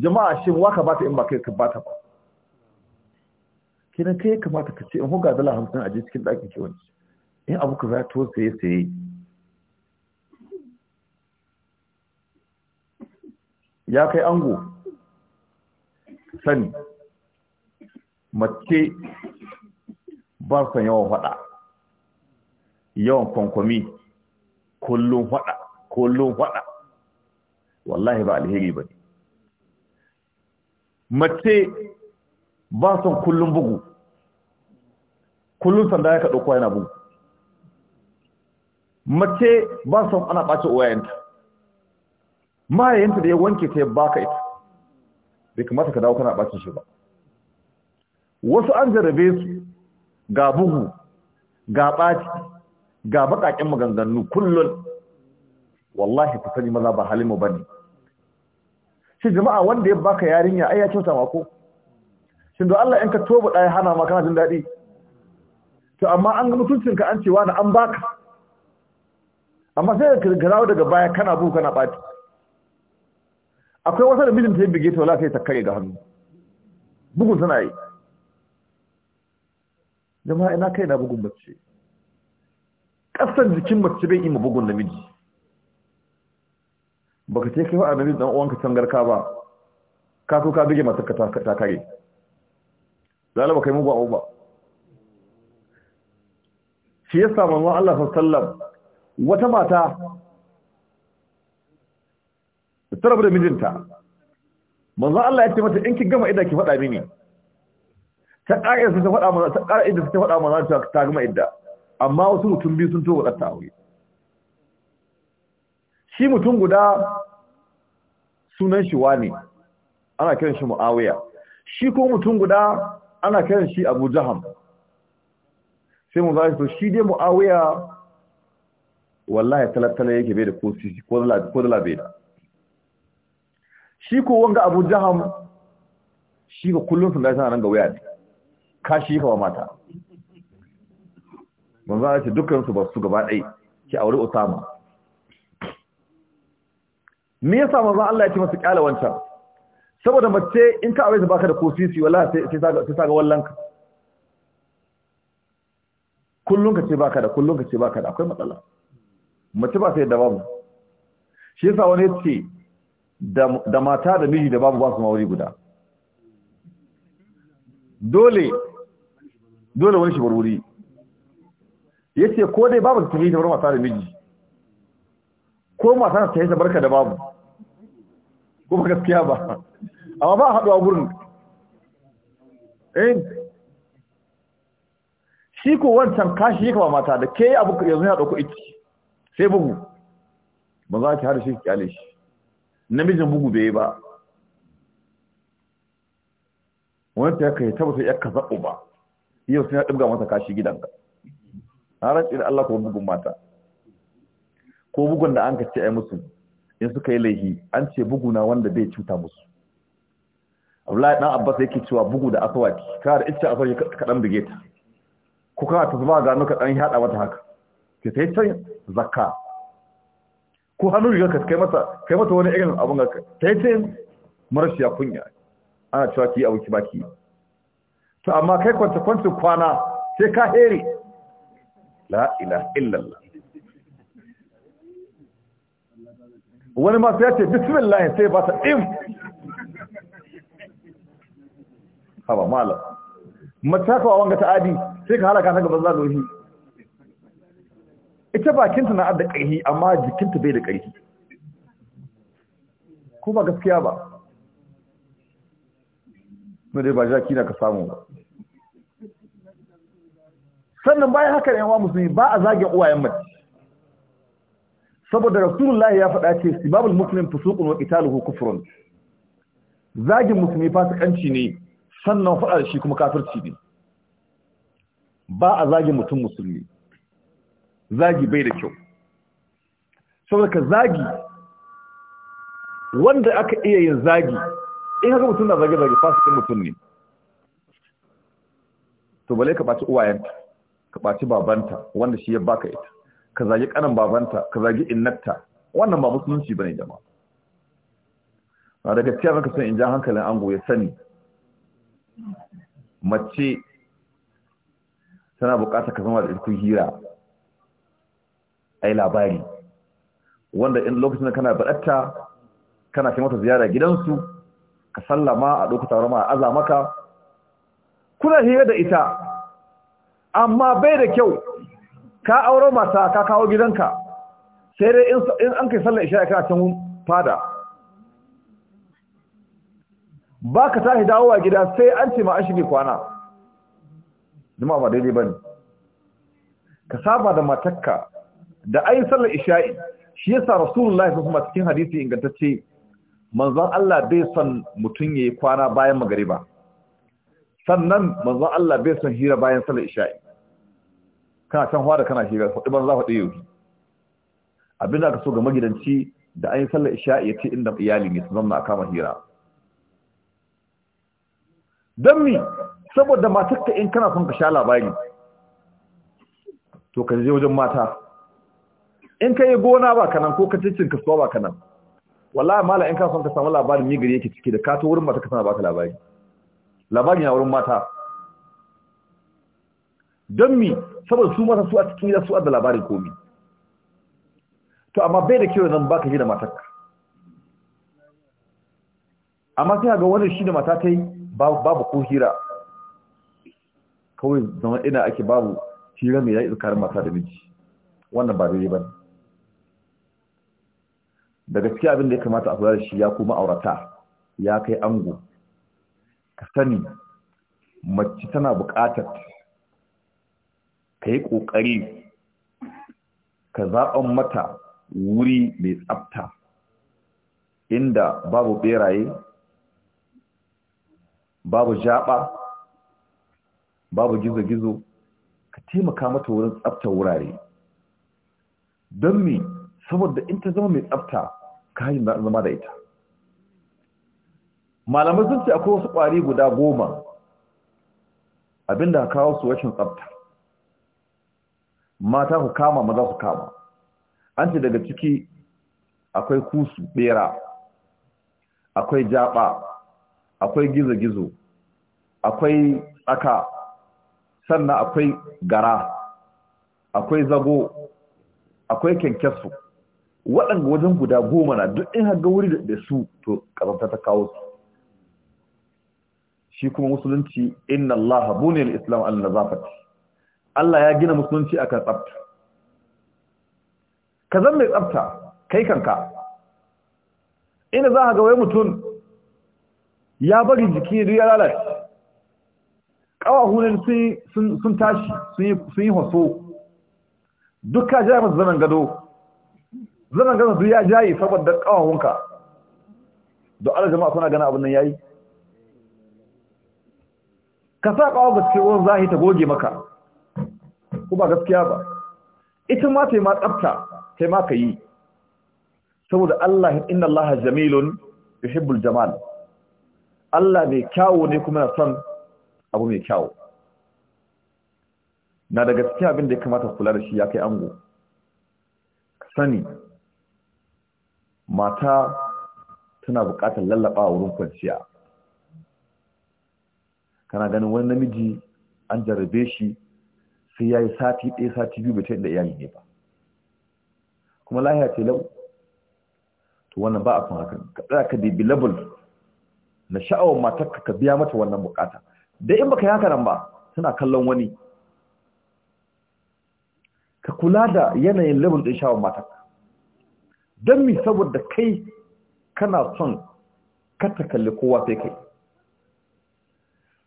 jama'a shin waka ba ta in ba kai ka ba ta ba kenan kai ya kamata ka ce in ga dala hamsin a je cikin ɗakin ki wanci in abu za to saye saye ya kai ango sani mace ba san yawan fada yawan kwankwami kullum fada kullum fada wallahi ba alheri ba mace ba son kullum bugu kullum sanda ya ka kwa yana bugu mace ba son ana ɓace uwayenta mahayinta da ya wanke ta ya baka ita bai kamata ka dawo kana ɓacin shi ba wasu an jarabe su ga bugu ga ɓaci ga baƙaƙen maganganu kullum wallahi ku sani maza ba halin mu ne. shi jama'a wanda ya baka yarinya ai ya kyauta ma ko shin don Allah in ka toba ɗaya hana ma kana jin daɗi to amma an ga mutuncinka an cewa na an baka amma sai ka garawo daga baya kana bu kana bati akwai wasu da mijin ya bige ta wala sai ta kare ga hannu bugun tana yi jama'a ina kai na bugun bacci. kasan jikin bacci bai yi ma bugun namiji baka ce kai wa annabi dan uwanka tangarka ba ka so ka bige mata ka ta kare zalaba kai mu ba ba shi yasa manzon Allah sallallahu alaihi wasallam wata mata ta rabu da mijinta manzon Allah ya ce mata in ki gama idda ki faɗa mini ta ƙara ta faɗa mana ta ƙara idda ta faɗa mana ta ta gama idda amma wasu mutum biyu sun toba ta aure shi mutum guda sunan shi wani ana kiran shi Muawiya shi ko mutum guda ana kiran shi Abu Jaham sai mu zai to shi dai Muawiya wallahi talattala yake bai da ko sisi ko da labe da shi ko wanga abu jaham shi ga kullum sun gaisa nan ga waya ne ka shi ka mata manzo ya ce su ba su gaba dai ki aure usama me yasa manzo Allah ya ce masa kyala wancan saboda mace in ka aure ta baka da ko sisi wallahi sai sai ta wallan wallanka kullum ka ce baka da kullum ka ce baka da akwai matsala mace ba sai da babu shi yasa wani ya ce da mata da miji da babu ba su mawuri guda dole dole wani shigar ya ce ko dai babu ta yi da mata da miji ko mata ta yi da da babu ko ba gaskiya ba amma ba haɗuwa gurin eh shi ko wancan kashi ka ba mata da ke yi abu yanzu ya ɗauko iki sai bugu ba za ki har shi kyale shi namijin bugu bai ba wani ta kai tabbata ya zaɓo ba yau sai ya dubga mata kashi gidanka na harar da Allah kuma bugun mata ko bugun da an ka ce ai musu in suka yi laihi an ce bugu na wanda bai cuta musu Abdullahi dan Abbas yake cewa bugu da asawaki ka da ita asawaki ka dan bige ta ko ka ta zuba gano ka dan hada mata haka sai ta yi can zakka ko hannun riga ka kai mata wani irin abin ka ta yi can marashiya kunya ana cewa ki abu ki baki to amma kai kwanta kwanta kwana sai ka heri. la ila illallah wani masu ya ce bismillah sai ba ta im haba malam mace haka wanga ta adi sai ka halaka ta gaban zagohi ita bakinta na da ƙarfi amma jikinta bai da ƙarfi ko ba gaskiya ba na dai ba jaki na ka samu ba sannan bayan haka ne wa musulmi ba a zagin uwayen mace saboda rasulullah ya faɗa ce sibabul muslim fusuqun wa qitaluhu kufrun zagin musulmi fasikanci ne sannan faɗa shi kuma kafirci ne ba a zagin mutum musulmi zagi bai da kyau saboda ka zagi wanda aka iya yin zagi in haka mutum na zage-zage fasikin mutum ne to bale ka ɓaci uwayenta ka ɓaci babanta wanda shi ya baka ita ka zagi ƙanan babanta ka zagi innarta wannan ba musulunci ba ne jama'a a daga ciyar maka sun in hankalin ango ya sani mace tana buƙatar ka zama da ilkun hira ai labari wanda in lokacin da kana baɗatta kana kai mata ziyara gidansu ka sallama a ɗauka rama a azamaka? kuna hira da ita amma bai da kyau ka aure mata ka kawo gidanka sai dai in an kai sallar isha'i kana can fada ba ka tashi dawowa gida sai an ce ma an shige kwana jima ba daidai ba ne ka saba da matakka da ayin sallar isha'i shi yasa rasulullahi sallallahu alaihi cikin hadisi ingantacce manzon Allah bai son mutun yayi kwana bayan magariba sannan manzon Allah bai son hira bayan sallar isha'i kana can hwa da kana hira hudu ban za hudu yau abin da aka so ga magidanci da ayin sallar isha'i yace inda iyali ne su zanna a kama hira don mi saboda matakka in kana son ka sha labari to ka je wajen mata in ka yi gona ba kanan ko ka cikin kasuwa ba kanan wallahi mala in ka son ka samu labarin migiri yake ciki da ka to wurin mata ka sana baka labari labarin ya wurin mata don mi saboda su mata su a cikin gida su a da labarin komi to amma bai da kyau zan baka ji da ka amma sai ga wani shi da mata ta yi babu ko hira kawai zama ina ake babu hira mai yaƙi tsakanin mata da miji wannan ba daidai ba ne Daga gaskiya abin da ya kamata a kula da shi ya kuma aurata ya kai ango ka sani mace tana buƙatar ka yi ƙoƙari ka zaɓan mata wuri mai tsafta inda babu ɓeraye, babu jaɓa babu gizo-gizo ka taimaka mata wurin tsafta wurare don me saboda in ta zama mai tsafta kayan da zama da ita malamai sun ce akwai wasu ƙwari guda goma abinda kawo su rashin tsafta mata ku kama maza su kama an ce daga ciki akwai kusu bera akwai jaɓa akwai gizo-gizo akwai tsaka sannan akwai gara akwai zago akwai kyankyasu waɗanda wajen guda goma na duk in haga wuri da su to ƙazanta ta kawo su shi kuma musulunci inna allaha bune al-islam al-nazafat Allah ya gina musulunci a kan tsafta ka zan mai tsafta kai kanka ina za a ga wai mutum ya bari jiki ya ya lalace hunin sun tashi sun yi hoso duk ka jami zanen gado zan gana su ya jayi saboda kawawunka don ala jama'a suna gana abin nan yayi ka sa kawo ba cikin zahi ta goge maka ko ba gaskiya ba ita ma ta ma tsafta ta ma ka yi saboda Allah inna Allah jamilun yuhibbul jamal Allah mai kyawo ne kuma na son abu mai kyawo na daga cikin abin da ya kamata kula da shi ya kai ango sani mata tana buƙatar lallaba a wurin kwanciya kana ganin wani namiji an jarabe shi sai ya yi sati ɗaya sati biyu bai da iyali ne ba kuma lahiya ce lau to wannan ba a kan hakan ka tsaya ka bi labul na sha'awar matarka ka biya mata wannan bukata da in baka yi nan ba suna kallon wani ka kula da yanayin labul ɗin sha'awar matarka don mi saboda kai kana son ka takalli kowa sai kai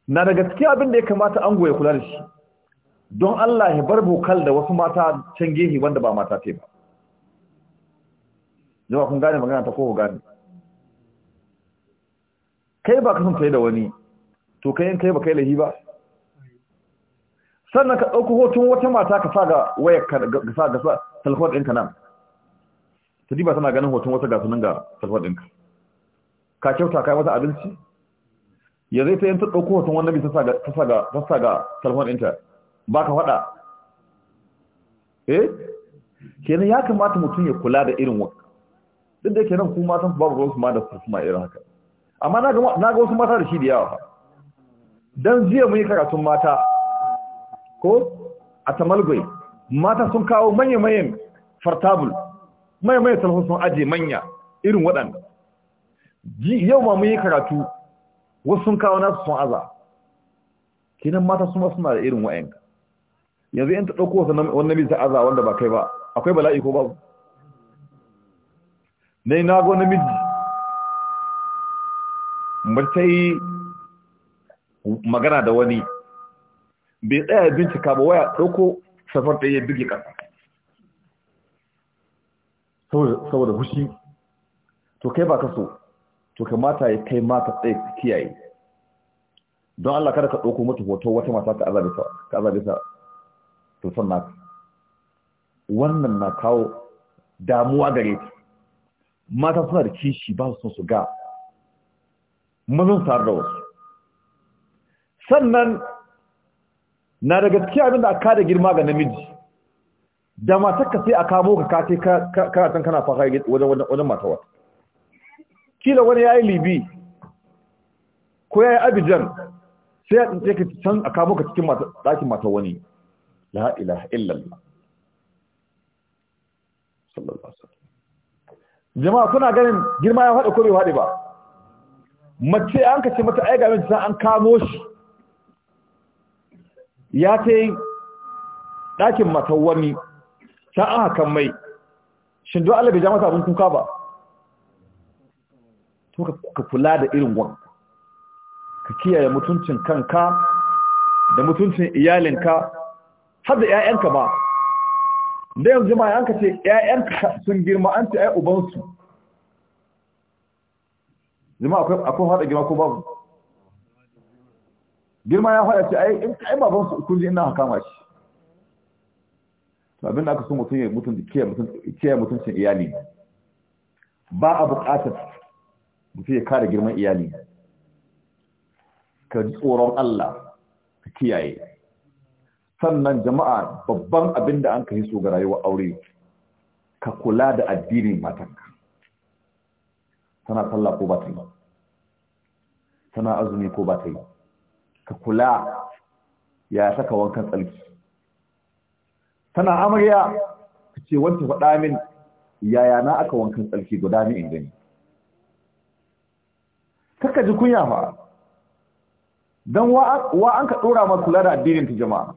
na da gaske abin da ya kamata an goya kula da shi don Allah ya bar bokal da wasu mata can gehi wanda ba mata ce ba yawa kun gane magana ta kowa gane kai ba ka sun yi da wani to kai kai ba kai lahi ba sannan ka ɗauki hoton wata mata ka sa ga wayar ka sa ga sa ɗinka nan ta tana ganin hoton wata gasu nan ga salfar ɗinka ka kyauta kai wata abinci ya zai ta yin ta ɗauko hoton wannan bi ta sa ga salfar ɗinta ba ka faɗa eh kenan ya kamata mutum ya kula da irin wata. duk da kenan ku matan babu ruwan wasu ma da su ma irin haka amma na ga wasu mata da shi da yawa don jiya mun yi karatun mata ko a tamalgwai mata sun kawo manya-manyan fartabul mai mai salafin sun aje manya irin waɗanda yau ma mun yi karatu wasu sun kawo nasu sun aza kinan mata su suna da irin wa'anka yanzu yin ta ɗauko wani namiji ta aza wanda ba kai ba akwai bala'i ko babu Na na go namiji mace yi magana da wani bai tsaya bincika ba waya ɗauko safar ɗaya ya buge ƙasa saboda hushi to kai ba ka so to kamata ya kai mata tsaye ka kiyaye don Allah kada ka ɗauko mata hoto wata mata ka azabe ta to san naka wannan na kawo damuwa gare ta mata suna da kishi ba su su ga mazan tare da wasu sannan na daga cikin abin da aka da girma ga namiji da matarka sai a kamo ka kace kana tan kana faka wajen wajen matawa kila wani yayi libi ko yayi abijan sai a tsince ka can a kamo ka cikin dakin mata wani la ilaha illallah sallallahu alaihi wasallam jama'a kuna ganin girma ya fada ko bai faɗi ba mace an kace mata ai ga mun sai an kamo shi ya ta dakin ɗakin mata wani can an hakan mai shin don Allah bai ja masa abin kuka ba to ka kula da irin wa ka kiyaye mutuncin kanka da mutuncin iyalinka har da 'ya'yanka ba da yanzu ma yanka ce 'ya'yanka sun girma an ce ai ubansu zama akwai hada girma ko babu girma ya hada ce ai babansu kun ji ina haka ma shi to abin da aka so mutum ya mutum kiyaye mutuncin iyali ba a bukatar mutum ya kare girman iyali ka ji tsoron Allah ka kiyaye sannan jama'a babban abin da an ka yi so ga rayuwar aure ka kula da addinin matanka tana sallah ko ba ta yi tana azumi ko ba ta yi ka kula ya saka wankan tsalki tana amarya ka ce wanta faɗa min yaya na aka wankan tsarki guda ni in gani kaka ji kunya fa don wa an ka ɗora ma kula da addinin ta jama'a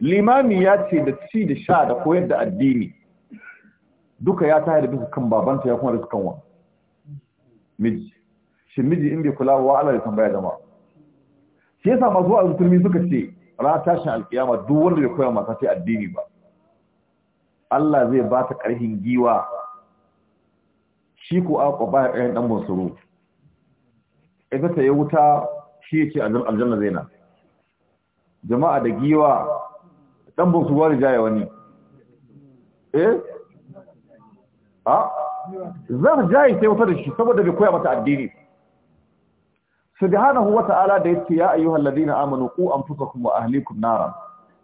limami ya ce da ci da sha da koyar da addini duka ya tayar da duka kan babanta ya kuma da kan wa miji shi miji in bai kula wa Allah ya tambaya jama'a shi yasa masu wa'azi turmi suka ce ranar tashin alkiyama duk wanda bai koya mata ta addini ba Allah zai ba ta ƙarfin giwa shi ko aka ba ya ɗan bunsuru ita ta yi wuta shi ya ce aljanna zai na jama'a da giwa ɗan bunsuru wani jaya wani eh a ah? zan jaye sai wuta da shi saboda bai koya mata addini subhanahu ta'ala da yake ya ayyuhal ladina amanu qu anfusakum wa ahlikum nara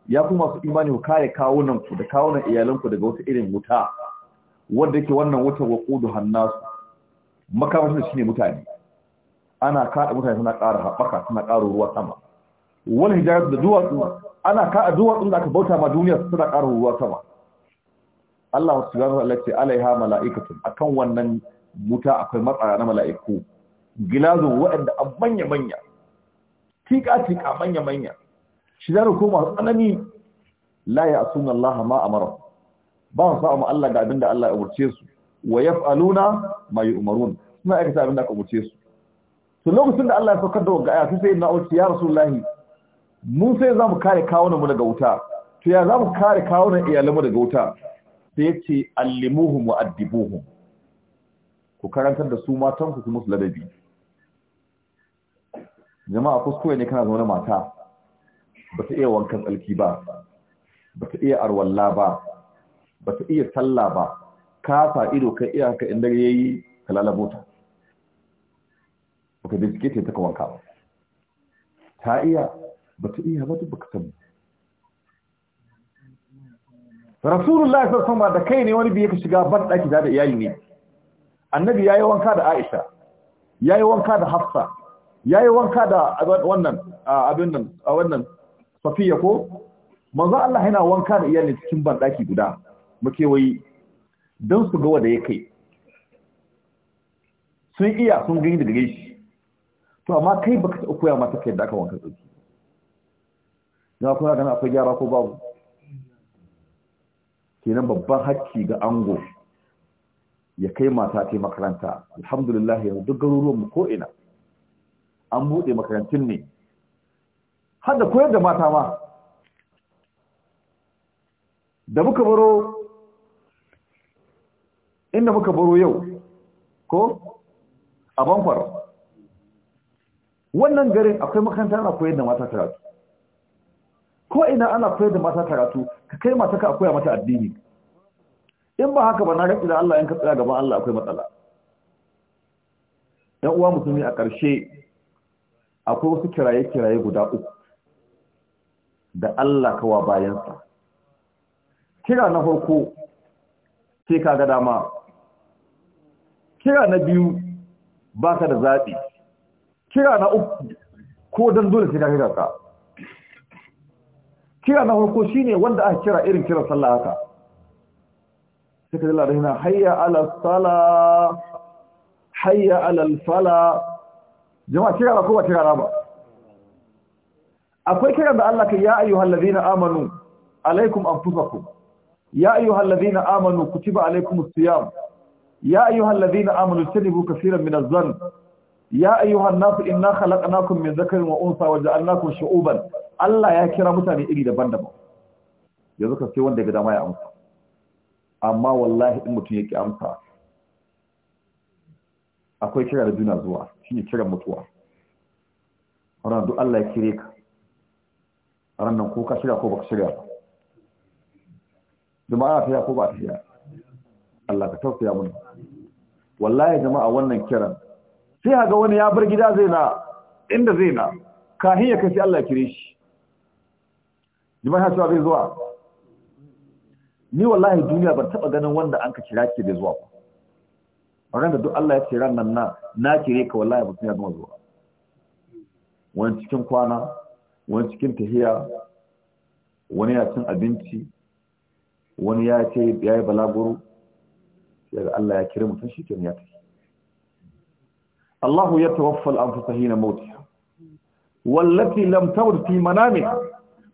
ya kuma su imani ku kare kawunan ku da kawunan iyalanku daga wata irin wuta wanda yake wannan wuta waqudu hannas makamashin shine mutane ana kada mutane suna ƙara haɓaka suna ƙara ruwa sama wani hijarar da duwatsu ana kada duwatsun da aka bauta ma duniya suna ƙara ruwa sama Allah subhanahu wa ta'ala ce alaiha mala'ikatu akan wannan wuta akwai matsaya na mala'iku gilazo waɗanda a manya-manya tika-tika manya-manya shi zara ko masu tsanani la ya asun Allah ma amara ba su sa'a Allah ga abinda Allah ya umarce su wa yaf'aluna ma yu'marun suna aikata abinda aka umarce su to lokacin da Allah ya saukar da wannan aya sai na uci ya rasulullahi mun sai zamu kare kawunan mu daga wuta to ya zamu kare kawunan iyalin mu daga wuta sai ya yace allimuhum wa addibuhum ku karantar da su matan ku musu ladabi jama'a kuskure ne kana zaune mata ba ta iya wankan tsalki ba ba ta iya arwalla ba ba ta iya sallah ba ka fa ido ka iya ka inda ya yi kalalabota ba ta bincike ta taka wanka ba ta iya ba ta iya ba ta baka san rasulullah ya sassan da kai ne wani biyu ka shiga ban ɗaki da iyayi ne annabi ya yi wanka da aisha ya yi wanka da hafsa Ya yi wanka da wannan abin nan a wannan safiya ko manzo Allah yana wanka da iyali cikin bandaki guda muke wai dan su ga wanda ya kai sun iya sun gani daga shi to amma kai baka ta koya mata kai da aka wanka tsaki na kuma ganin akwai gyara ko babu kenan babban hakki ga ango ya kai mata ta makaranta alhamdulillah yanzu duk garuruwan mu ko ina an buɗe makarantun ne har da koyar da mata ma da muka baro inda muka baro yau ko a bankwar wannan garin akwai makaranta ana koyar da mata karatu ko ina ana koyar da mata karatu ka kai mata ka koya mata addini in ba haka ba na rafi da Allah in katsira tsaya gaban Allah akwai matsala ɗan uwa musulmi a ƙarshe akwai wasu kiraye-kiraye guda uku da Allah kawa bayansa kira na farko sai ka ga dama kira na biyu ba ka da zaɓi kira na uku ko don dole sai ka kira ka kira na farko shine wanda aka kira irin kira sallah haka sai ka zala da hina hayya ala sala hayya ala fala jama'a kira ba ko ba kira ba akwai kiran da Allah ka ya ayyuhal ladina amanu alaikum anfusakum ya ayyuhal ladina amanu kutiba alaikumus siyam ya ayyuhal ladina amanu tajlibu kaseeran min az-zann ya ayyuhan nasu inna khalaqnakum min dhakarin wa unsa wa ja'alnakum shu'uban Allah ya kira mutane iri daban-daban yanzu ka sai wanda ya ga dama ya amsa amma wallahi in mutum ya ki amsa akwai kira da duna zuwa shi ne kiran mutuwa ranar duk Allah ya kire ka ranar ko ka shirya ko baka shirya ba jama'a ta ya ko ba ta shirya Allah ka tausaya mun wallahi jama'a wannan kiran sai ga wani ya bar gida zai na inda zai na kahin ya kai sai Allah ya kire shi jama'a ta bai zuwa ni wallahi duniya ban taɓa ganin wanda an ka kira ke bai zuwa ba ran da duk Allah ya ce ran nan na na kire ka wallahi mutum ya gama zuwa wani cikin kwana wani cikin tahiya wani ya cin abinci wani ya ce ya yi balaguro daga Allah ya kire mutum shi ya tafi Allahu ya tawaffa al-anfusa hina mautiha wallati lam tawd fi manamiha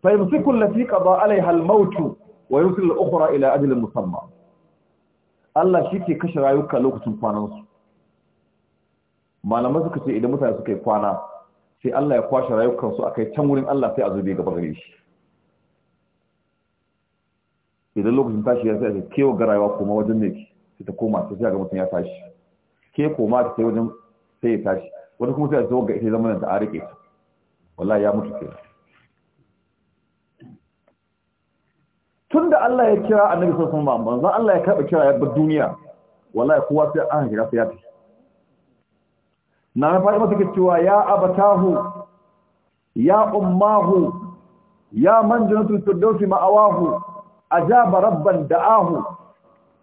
fa yumsiku allati qada alaiha al-maut wa yursil al-ukhra ila ajalin musamma Allah shi ke kashe rayuka lokacin kwanansu malamai suka ce idan mutane suka yi kwana sai Allah ya kwashe rayukansu a kai can wurin Allah sai a zube gaba gare shi idan lokacin tashi ya sai a kewa ga rayuwa koma wajen ne sai ta koma sai sai ga mutum ya tashi ke koma ta sai wajen sai ya tashi wani kuma sai a zo ga ita zamanin ta a riƙe. ta wallahi ya mutu kenan tun da Allah ya kira annabi sallallahu sun ba banzan Allah ya karɓa kira ya bar duniya wallahi kowa sai an hira su ya fi. na na fara take cewa ya abatahu ya ummahu ya manjanatul firdausi ma'awahu ajaba rabban da'ahu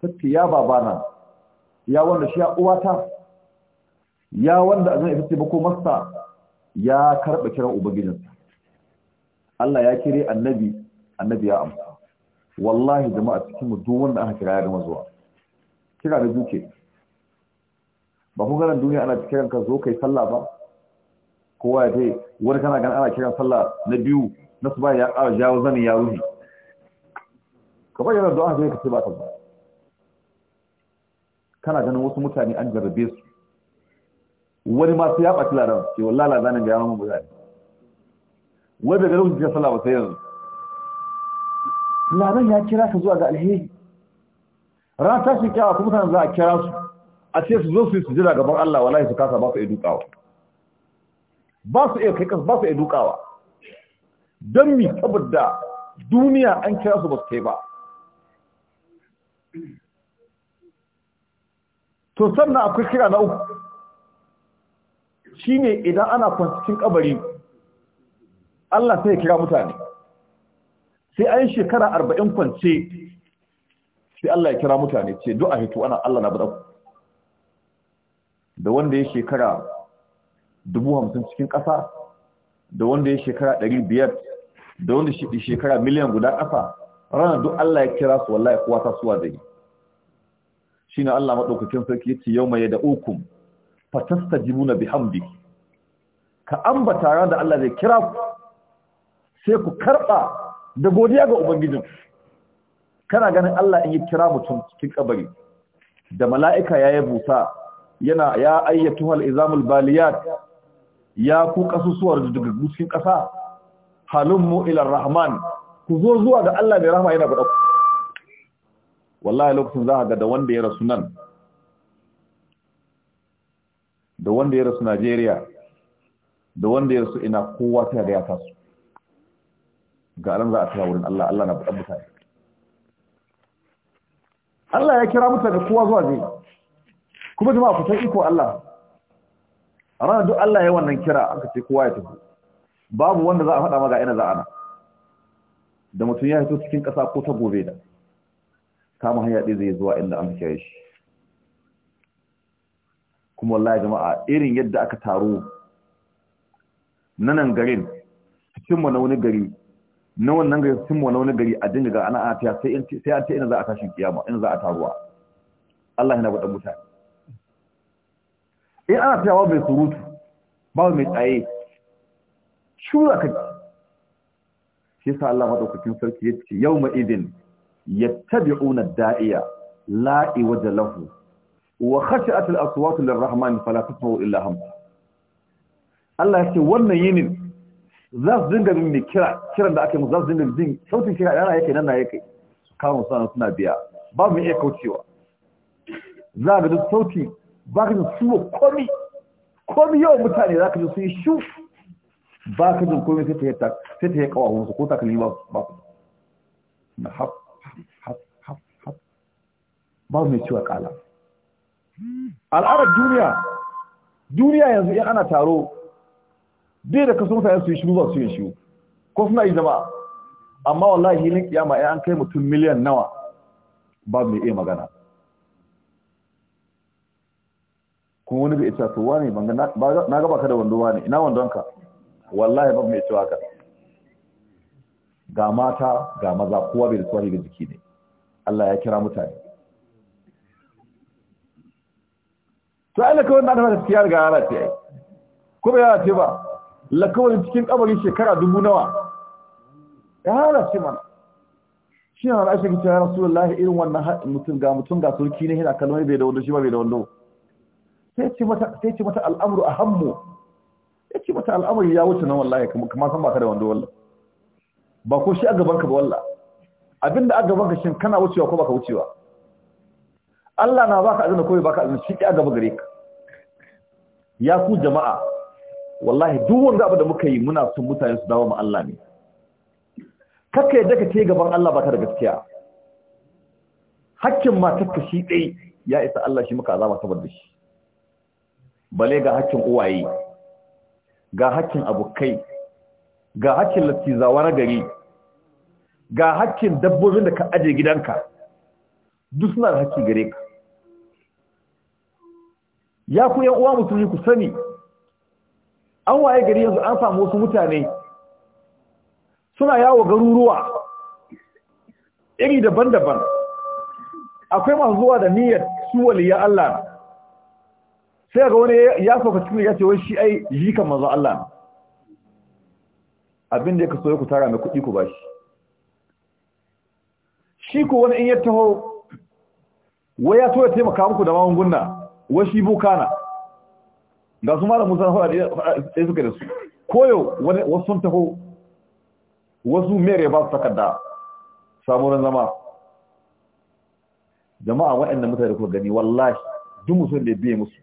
ce ya babana ya wanda shi ya uwata ya wanda azan ita ce bako masa ya karɓa kiran ubangijinsa Allah ya kire annabi annabi ya amsa wallahi jama'a cikin mu duk wanda aka kira ya gama zuwa kira da duke ba kun ganin duniya ana kiran ka zo kai sallah ba kowa ya ce wani kana ganin ana kiran sallah na biyu na su ba ya ƙara jawo zani ya ruhi ka bayyana da aka ka ce ba ta ba kana ganin wasu mutane an jarrabe su wani ma su ya ɓaci ladan ce wallahi lazanin ga yawan mutane wanda da rubutun sallah ba sai yanzu labarin ya kira ka zuwa ga alheri ran tashi kyawa kuma mutane za a kira su a ce su zo su yi jira gaban Allah wallahi su kasa ba su iya dukawa ba su iya kai kasu ba su iya dukawa don mi saboda duniya an kira su ba su kai ba to sannan akwai kira na uku shine idan ana kwancikin kabari Allah sai ya kira mutane sai an shekara arba'in kwance sai Allah ya kira mutane ce du'a hito ana Allah na bada ku da wanda ya shekara dubu hamsin cikin ƙasa da wanda ya shekara ɗari biyar da wanda ya shekara miliyan guda ƙasa ranar duk Allah ya kira su wallahi kowa ta suwa zai shi ne Allah maɗaukakin sarki ya ce yau mai da ukun fatasta jimuna bihamdi ka ambata ran da Allah zai kira ku sai ku karɓa da godiya ga ubangijin kana ganin Allah in yi kira mutum cikin kabari da mala'ika ya yi busa yana ya ayyatu hal izamul baliyat ya ku kasusuwar daga cikin ƙasa. halun mu’ilar rahman ku zo zuwa ga Allah mai rahama yana gudu wallahi lokacin za a ga da wanda ya rasu nan da wanda ya rasu Najeriya da wanda ya rasu ina kowa ta yaga ya tasu ga nan za a tara wurin Allah Allah na buɗan mutane Allah ya kira mutane kowa zuwa zai kuma jama'a ku san iko Allah a ranar duk Allah ya yi wannan kira aka ce kowa ya tafi babu wanda za a faɗa maga ina za na. da mutum ya fito cikin ƙasa ko ta gobe da kama hanya ɗaya zai zuwa inda an kira shi kuma wallahi jama'a irin yadda aka taro na nan garin cikin mu na wani gari na wannan gari sun mu wani gari a dinga ga ana a tafiya sai an ce ina za a tashin kiyama ina za a taruwa Allah yana gudan mutane in ana tafiya mai surutu ba mai tsaye shura ka shi sa Allah madaukakin sarki ya ce yawma idin yattabi'una da'iya la iwaja lahu wa khashi'at aswatu lirrahman fala tasma'u illa hamsa Allah ya ce wannan yinin za su dinga bin mai kira kiran da ake musu za su dinga bin sautin kira yana yake nan na yake kawo suna suna biya ba mu iya kaucewa za ga duk sauti ba ka jin su komi komi yawan mutane za ka jin su yi shu ba ka jin komi sai ta yi kawahunsu ko takalmi ba su na hap hap hap. haf ba mu ciwa kala al'adar duniya duniya yanzu in ana taro dai da kaso mutane su yi shiru ba su yi shiru ko suna yi jama'a amma wallahi hilin kiyama ya an kai mutum miliyan nawa Ba mai iya magana kuma wani bai ita to ne banga na gaba ka da wando ne, ina wandonka wallahi babu mai ita haka ga mata ga maza kowa bai da tsari ga jiki ne Allah ya kira mutane ta ai kawai na da tafiya ga yara ce ko bai yara ce ba lakawar cikin kabarin shekara dubu nawa ya hana ce mana shi na rashin kici ya rasu lahi, irin wannan mutum ga mutum ga turki ne yana kalmai bai da wando shi ba bai da wando sai ce mata al'amuru a hammu ya ce mata al'amuru ya wuce nan wallahi kamar san baka da wando wallah ba ko shi a gaban ka ba wallah abinda a gaban ka shin kana wucewa ko baka wucewa Allah na baka azina ko baka azina shi ke a gaba gare ka ya ku jama'a wallahi duk wanda abu da muka yi muna son mutane su dawo ma Allah ne kakka yadda ka ce gaban Allah baka da gaskiya hakkin matarka shi dai ya isa Allah shi muka azama saboda shi bale ga hakkin uwaye ga hakkin abokai ga hakkin latizawa na gari ga hakkin dabbobin da ka aje gidanka duk suna da hakki gare ka ya ku yan uwa musulmi ku sani an waye gari yanzu an samu wasu mutane suna yawo garuruwa iri daban-daban akwai masu zuwa da niyyar su waliya Allah sai ga wani ya sauka cikin ya ce wai shi ai jikan manzo Allah abin da ya kaso ku tara mai kuɗi ku bashi shi ku wani in ya taho wai ya so ya taimaka muku da magunguna wai shi bukana ga su malam musa faɗa suka da su koyo wasu sun taho wasu mere ba su takarda samurin zama jama'a waɗanda mutane da kuma gani wallahi duk musu da biye musu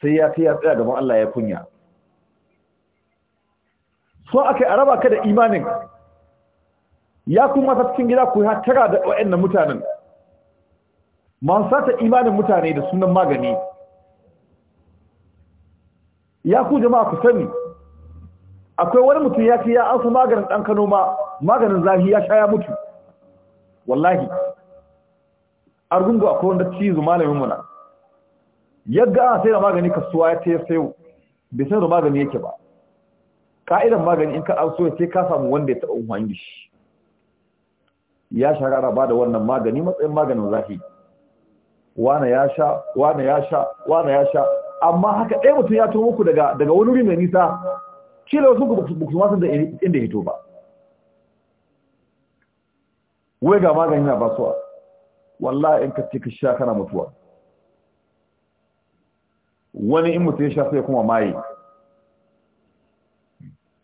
sai ya kai ya tsaya gaban Allah ya kunya so akai a raba ka da imanin ya kuma ta cikin gida ku tara da waɗannan mutanen man sata imanin mutane da sunan magani ya ku jama'a ku sani akwai wani mutum ya ce ya an su maganin ɗan kano ma maganin zahi ya sha ya mutu wallahi argungu akwai wanda cizo malamin na. yadda ana sai da magani kasuwa ya tayar sayo bai san da magani yake ba ka'idan magani in ka an so sai ka samu wanda ya taɓa umarni shi ya shahara ba da wannan magani matsayin maganin zafi wane ya sha wane ya sha wane ya sha amma haka ɗaya mutum ya tuno daga wani wuri mai nisa da wasu ku masu da inda hito ba wai ga magani na basuwa wallahi in ka ce ka sha kana mutuwa wani in mutum ya sha sai kuma maye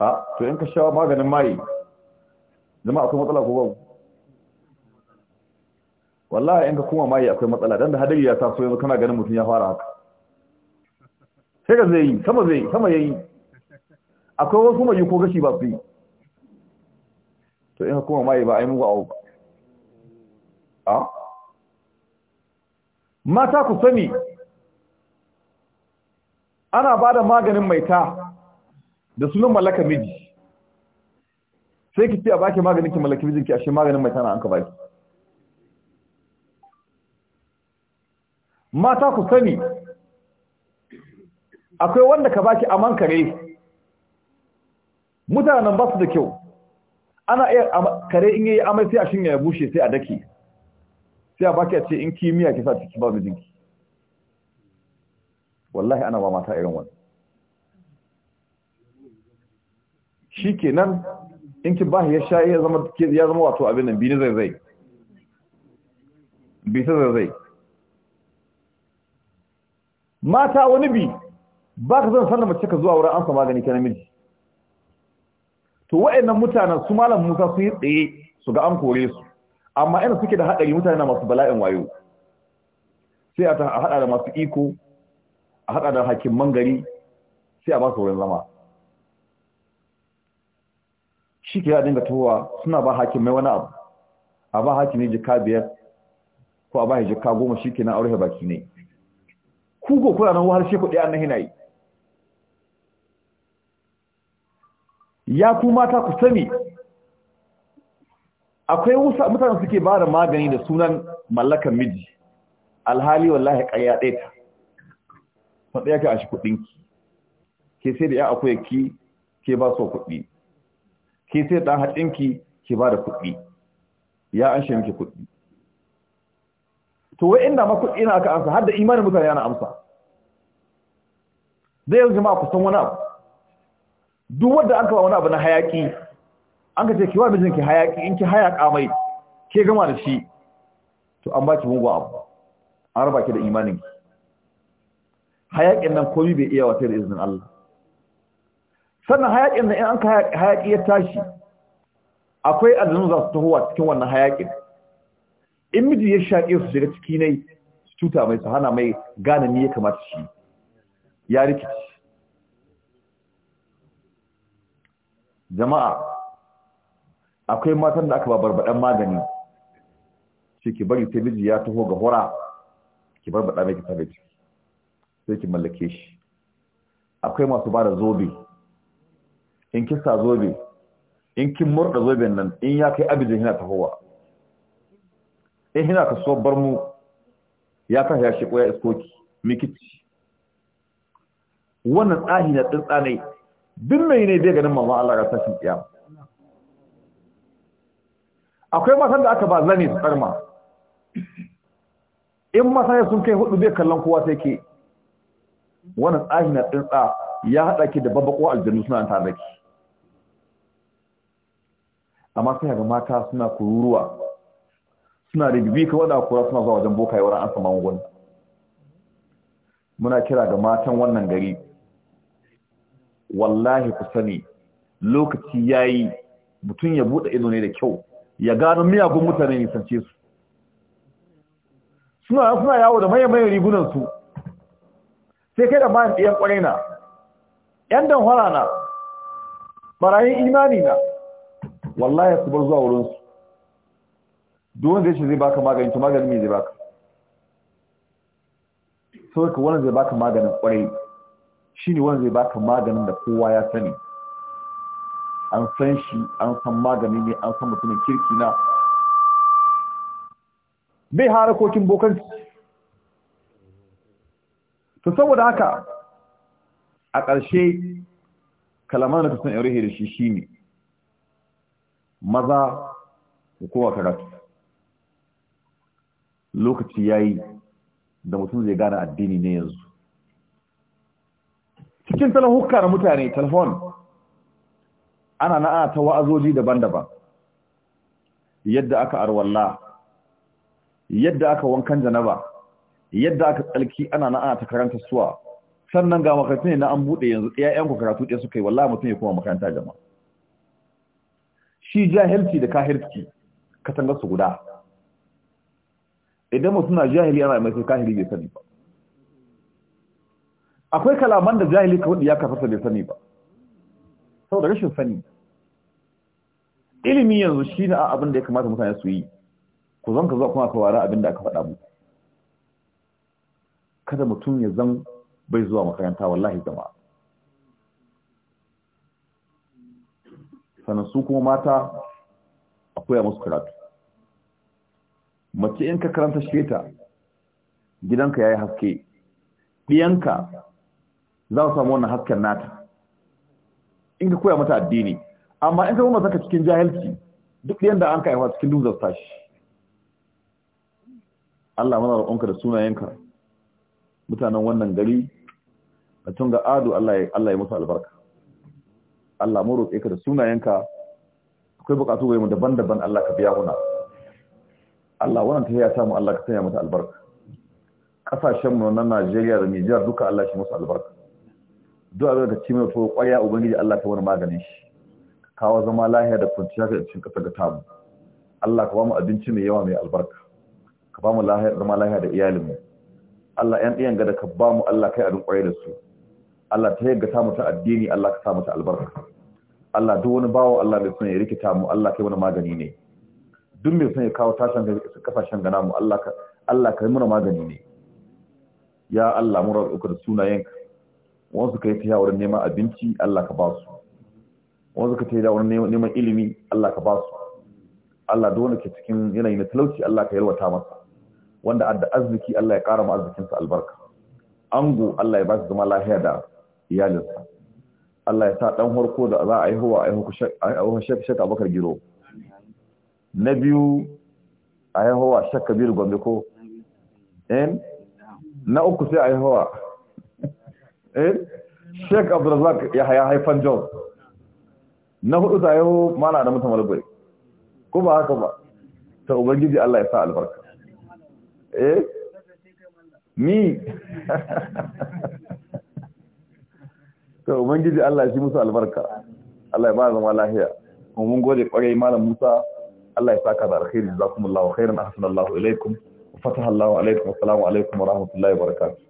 a to in ka sha maganin maye zama akwai matsala ko babu wallahi in ka kuma maye akwai matsala don da hadari ya taso yanzu kana ganin mutum ya fara haka sai zai yi sama zai sama yayi akwai wasu mai ko gashi ba su yi to in hukuma mai ba ai mugu a ba a mata ku sani ana ba da maganin maita da sunan mallaka miji sai ki ce a baki maganin ki mallaki mijinki ashe maganin maita na an ka baki mata ku sani akwai wanda ka baki man kare mutanen ba su da kyau ana iya kare in yi amai sai a shinya ya bushe sai a dake sai a baki a ce in kimiyya ki sa ciki ba jinki. wallahi ana ba mata irin wani. shikenan in ki bahi ya sha ya zama ya zama wato abin nan biyu zai zai bi zai zai mata wani bi ba ka zan sanar mace ka zuwa wurin ansa magani ta namiji to wa'annan mutanen su malam musa su yi tsaye su ga an kore su amma ina suke da haɗari mutane na masu bala'in wayo sai a haɗa da masu iko a haɗa da hakiman gari sai a ba su wurin zama shi ke yaɗin ga tuwa suna ba mai wani abu a ba ne jika biyar ko a ba shi jika goma shi ke na aure baki ne ko kuna nan wahar shekuɗi an na hinayi ya ku mata ku sani akwai mutane suke ba da magani da sunan mallakan miji alhali wallahi kayya ɗaya ta matsaya yake a shi kuɗinki ke sai da ya akwai ki ke ba so kuɗi ke sai ɗan haɗinki ke ba da kuɗi ya an shi miki kuɗi to wai inda ma kuɗi na aka amsa har da imanin mutane yana amsa zai yanzu ma kusan wani abu duk wanda an kawo wani abu na hayaki an ka ce kiwa mijin ki hayaki in ki hayaka mai ke gama da shi to an baki mugu abu an raba ki da imanin ki hayakin nan komai bai iya wata da izinin Allah sannan hayakin nan in an ka hayaki ya tashi akwai aljanu za su tahowa cikin wannan hayakin in miji ya shaƙe su shiga ciki ne su cuta mai su hana mai gane ni ya kamata shi ya rikici jama'a akwai matan da aka ba barbaɗan magani shi ki bari sai miji ya taho ga hora ki barbaɗa mai da ciki sai ki mallake shi akwai masu ba da zobe in kisa zobe in kin murda zobe nan in ya kai abijin hina tahowa in hina so bar mu ya tashi ya shi koya iskoki mikici wannan tsahi na ne duk mai ne bai ganin manzon Allah ga tashin kiyama akwai matan da aka ba zane su tsarma in masaya sun kai hudu bai kallon kowa sai ke Wani tsahi na tsinsa ya haɗa ke da babbaƙo aljanu suna ta da amma sai ga mata suna kururuwa suna bibi ka wada kura suna zuwa wajen boka wurin an samu wani muna kira ga matan wannan gari wallahi ku sani lokaci ya yi mutum ya bude ido ne da kyau ya gano miyagun mutane nisance su suna suna yawo da mayan-mayan rigunan sai kai da bayan ɗiyan ƙwarai na ‘yan hana na barayin imani na wallahi su bar zuwa wurinsu duwan zai ce zai baka magani to maganin mai zai baka sau ka wani zai baka maganin ƙwarai ne wanda zai baka maganin da kowa ya sani an san shi an san magani ne an san mutumin kirki na bai harakokin bokanci to saboda haka a ƙarshe kalaman da ta san yare da shi shine maza da kowa karatu lokaci ya yi da mutum zai gane addini ne yanzu cikin talahukka na mutane telefon ana na'a ta wa'azoji daban-daban yadda aka arwalla yadda aka wankan janaba yadda aka tsalki ana na'a ta karanta suwa sannan ga makarantu ne na an buɗe yanzu ƴaƴan ku karatu ɗaya suka yi wallah mutum ya kuma makaranta jama. shi jahilci da kahirci katanga su guda idan mutum na jahili ana mai sai kahiri bai sani ba akwai kalaman da jahili ka hudu ya kafasa bai sani ba sau da rashin sani ilimi yanzu shi na abin da ya kamata mutane su yi ku zan ka zuwa kuma kawara abin da aka faɗa muku kada mutum ya zan bai zuwa makaranta wallahi zama sannan su kuma mata akwai a musu karatu mace in ka karanta ta gidanka ya yi haske ɗiyanka za su samu wannan hasken nata in ka koya mata addini amma in ka zama zaka cikin jahilci duk yanda an ka haifa cikin duk tashi Allah mana roƙonka da sunayenka mutanen wannan gari mutum ga ado Allah ya Allah ya musu albarka Allah mu roƙe ka da sunayenka akwai buƙatu ga mu daban-daban Allah ka biya muna Allah wannan ta ya samu Allah ka sanya mata albarka kasashen mu na Najeriya da Nijar duka Allah shi musu albarka duk abin da ci mai to ƙwarya ubangiji Allah ka wani maganin shi kawo zama lahiya da kwanciya ga cikin ƙasa ga tamu Allah ka ba mu abinci mai yawa mai albarka ka ba mu zama lahiya da iyalinmu Allah 'yan ɗiyan ga da ka ba mu Allah kai abin ƙwarai da su Allah ta yaga ta ta addini Allah ka sa ta albarka Allah duk wani bawo Allah mai son ya rikita mu Allah kai wani magani ne duk mai son ya kawo tashin kasashen gana mu Allah ka Allah mana magani ne ya Allah mu roƙa da sunayenka wasu ka yi ta yawon neman abinci Allah ka ba su wasu ka ta yi yawon neman ilimi Allah ka ba su Allah da wanda ke cikin yanayi na talauci Allah ka yalwata masa wanda adda arziki Allah ya ƙara ma arzikinsa albarka ango Allah ya ba su zama lahiya da iyalinsa Allah ya sa ɗan harko da za a yi huwa a yi shaka abokar giro na biyu a yi huwa shaka biyu gombe ko eh? na uku sai a yi huwa eh Sheikh Abdulrazak ya haya haifan Jos na hudu ta yau mana da mutum malabari ko ba haka ba ta ubangiji Allah ya sa albarka eh ni ta ubangiji Allah ya shi musu albarka Allah ya ba zama lahiya kuma mun gode kwarai malam Musa Allah ya saka da alkhairi jazakumullahu khairan ahsanallahu ilaikum wa fataha Allahu alaikum wa assalamu alaikum wa rahmatullahi wa barakatuh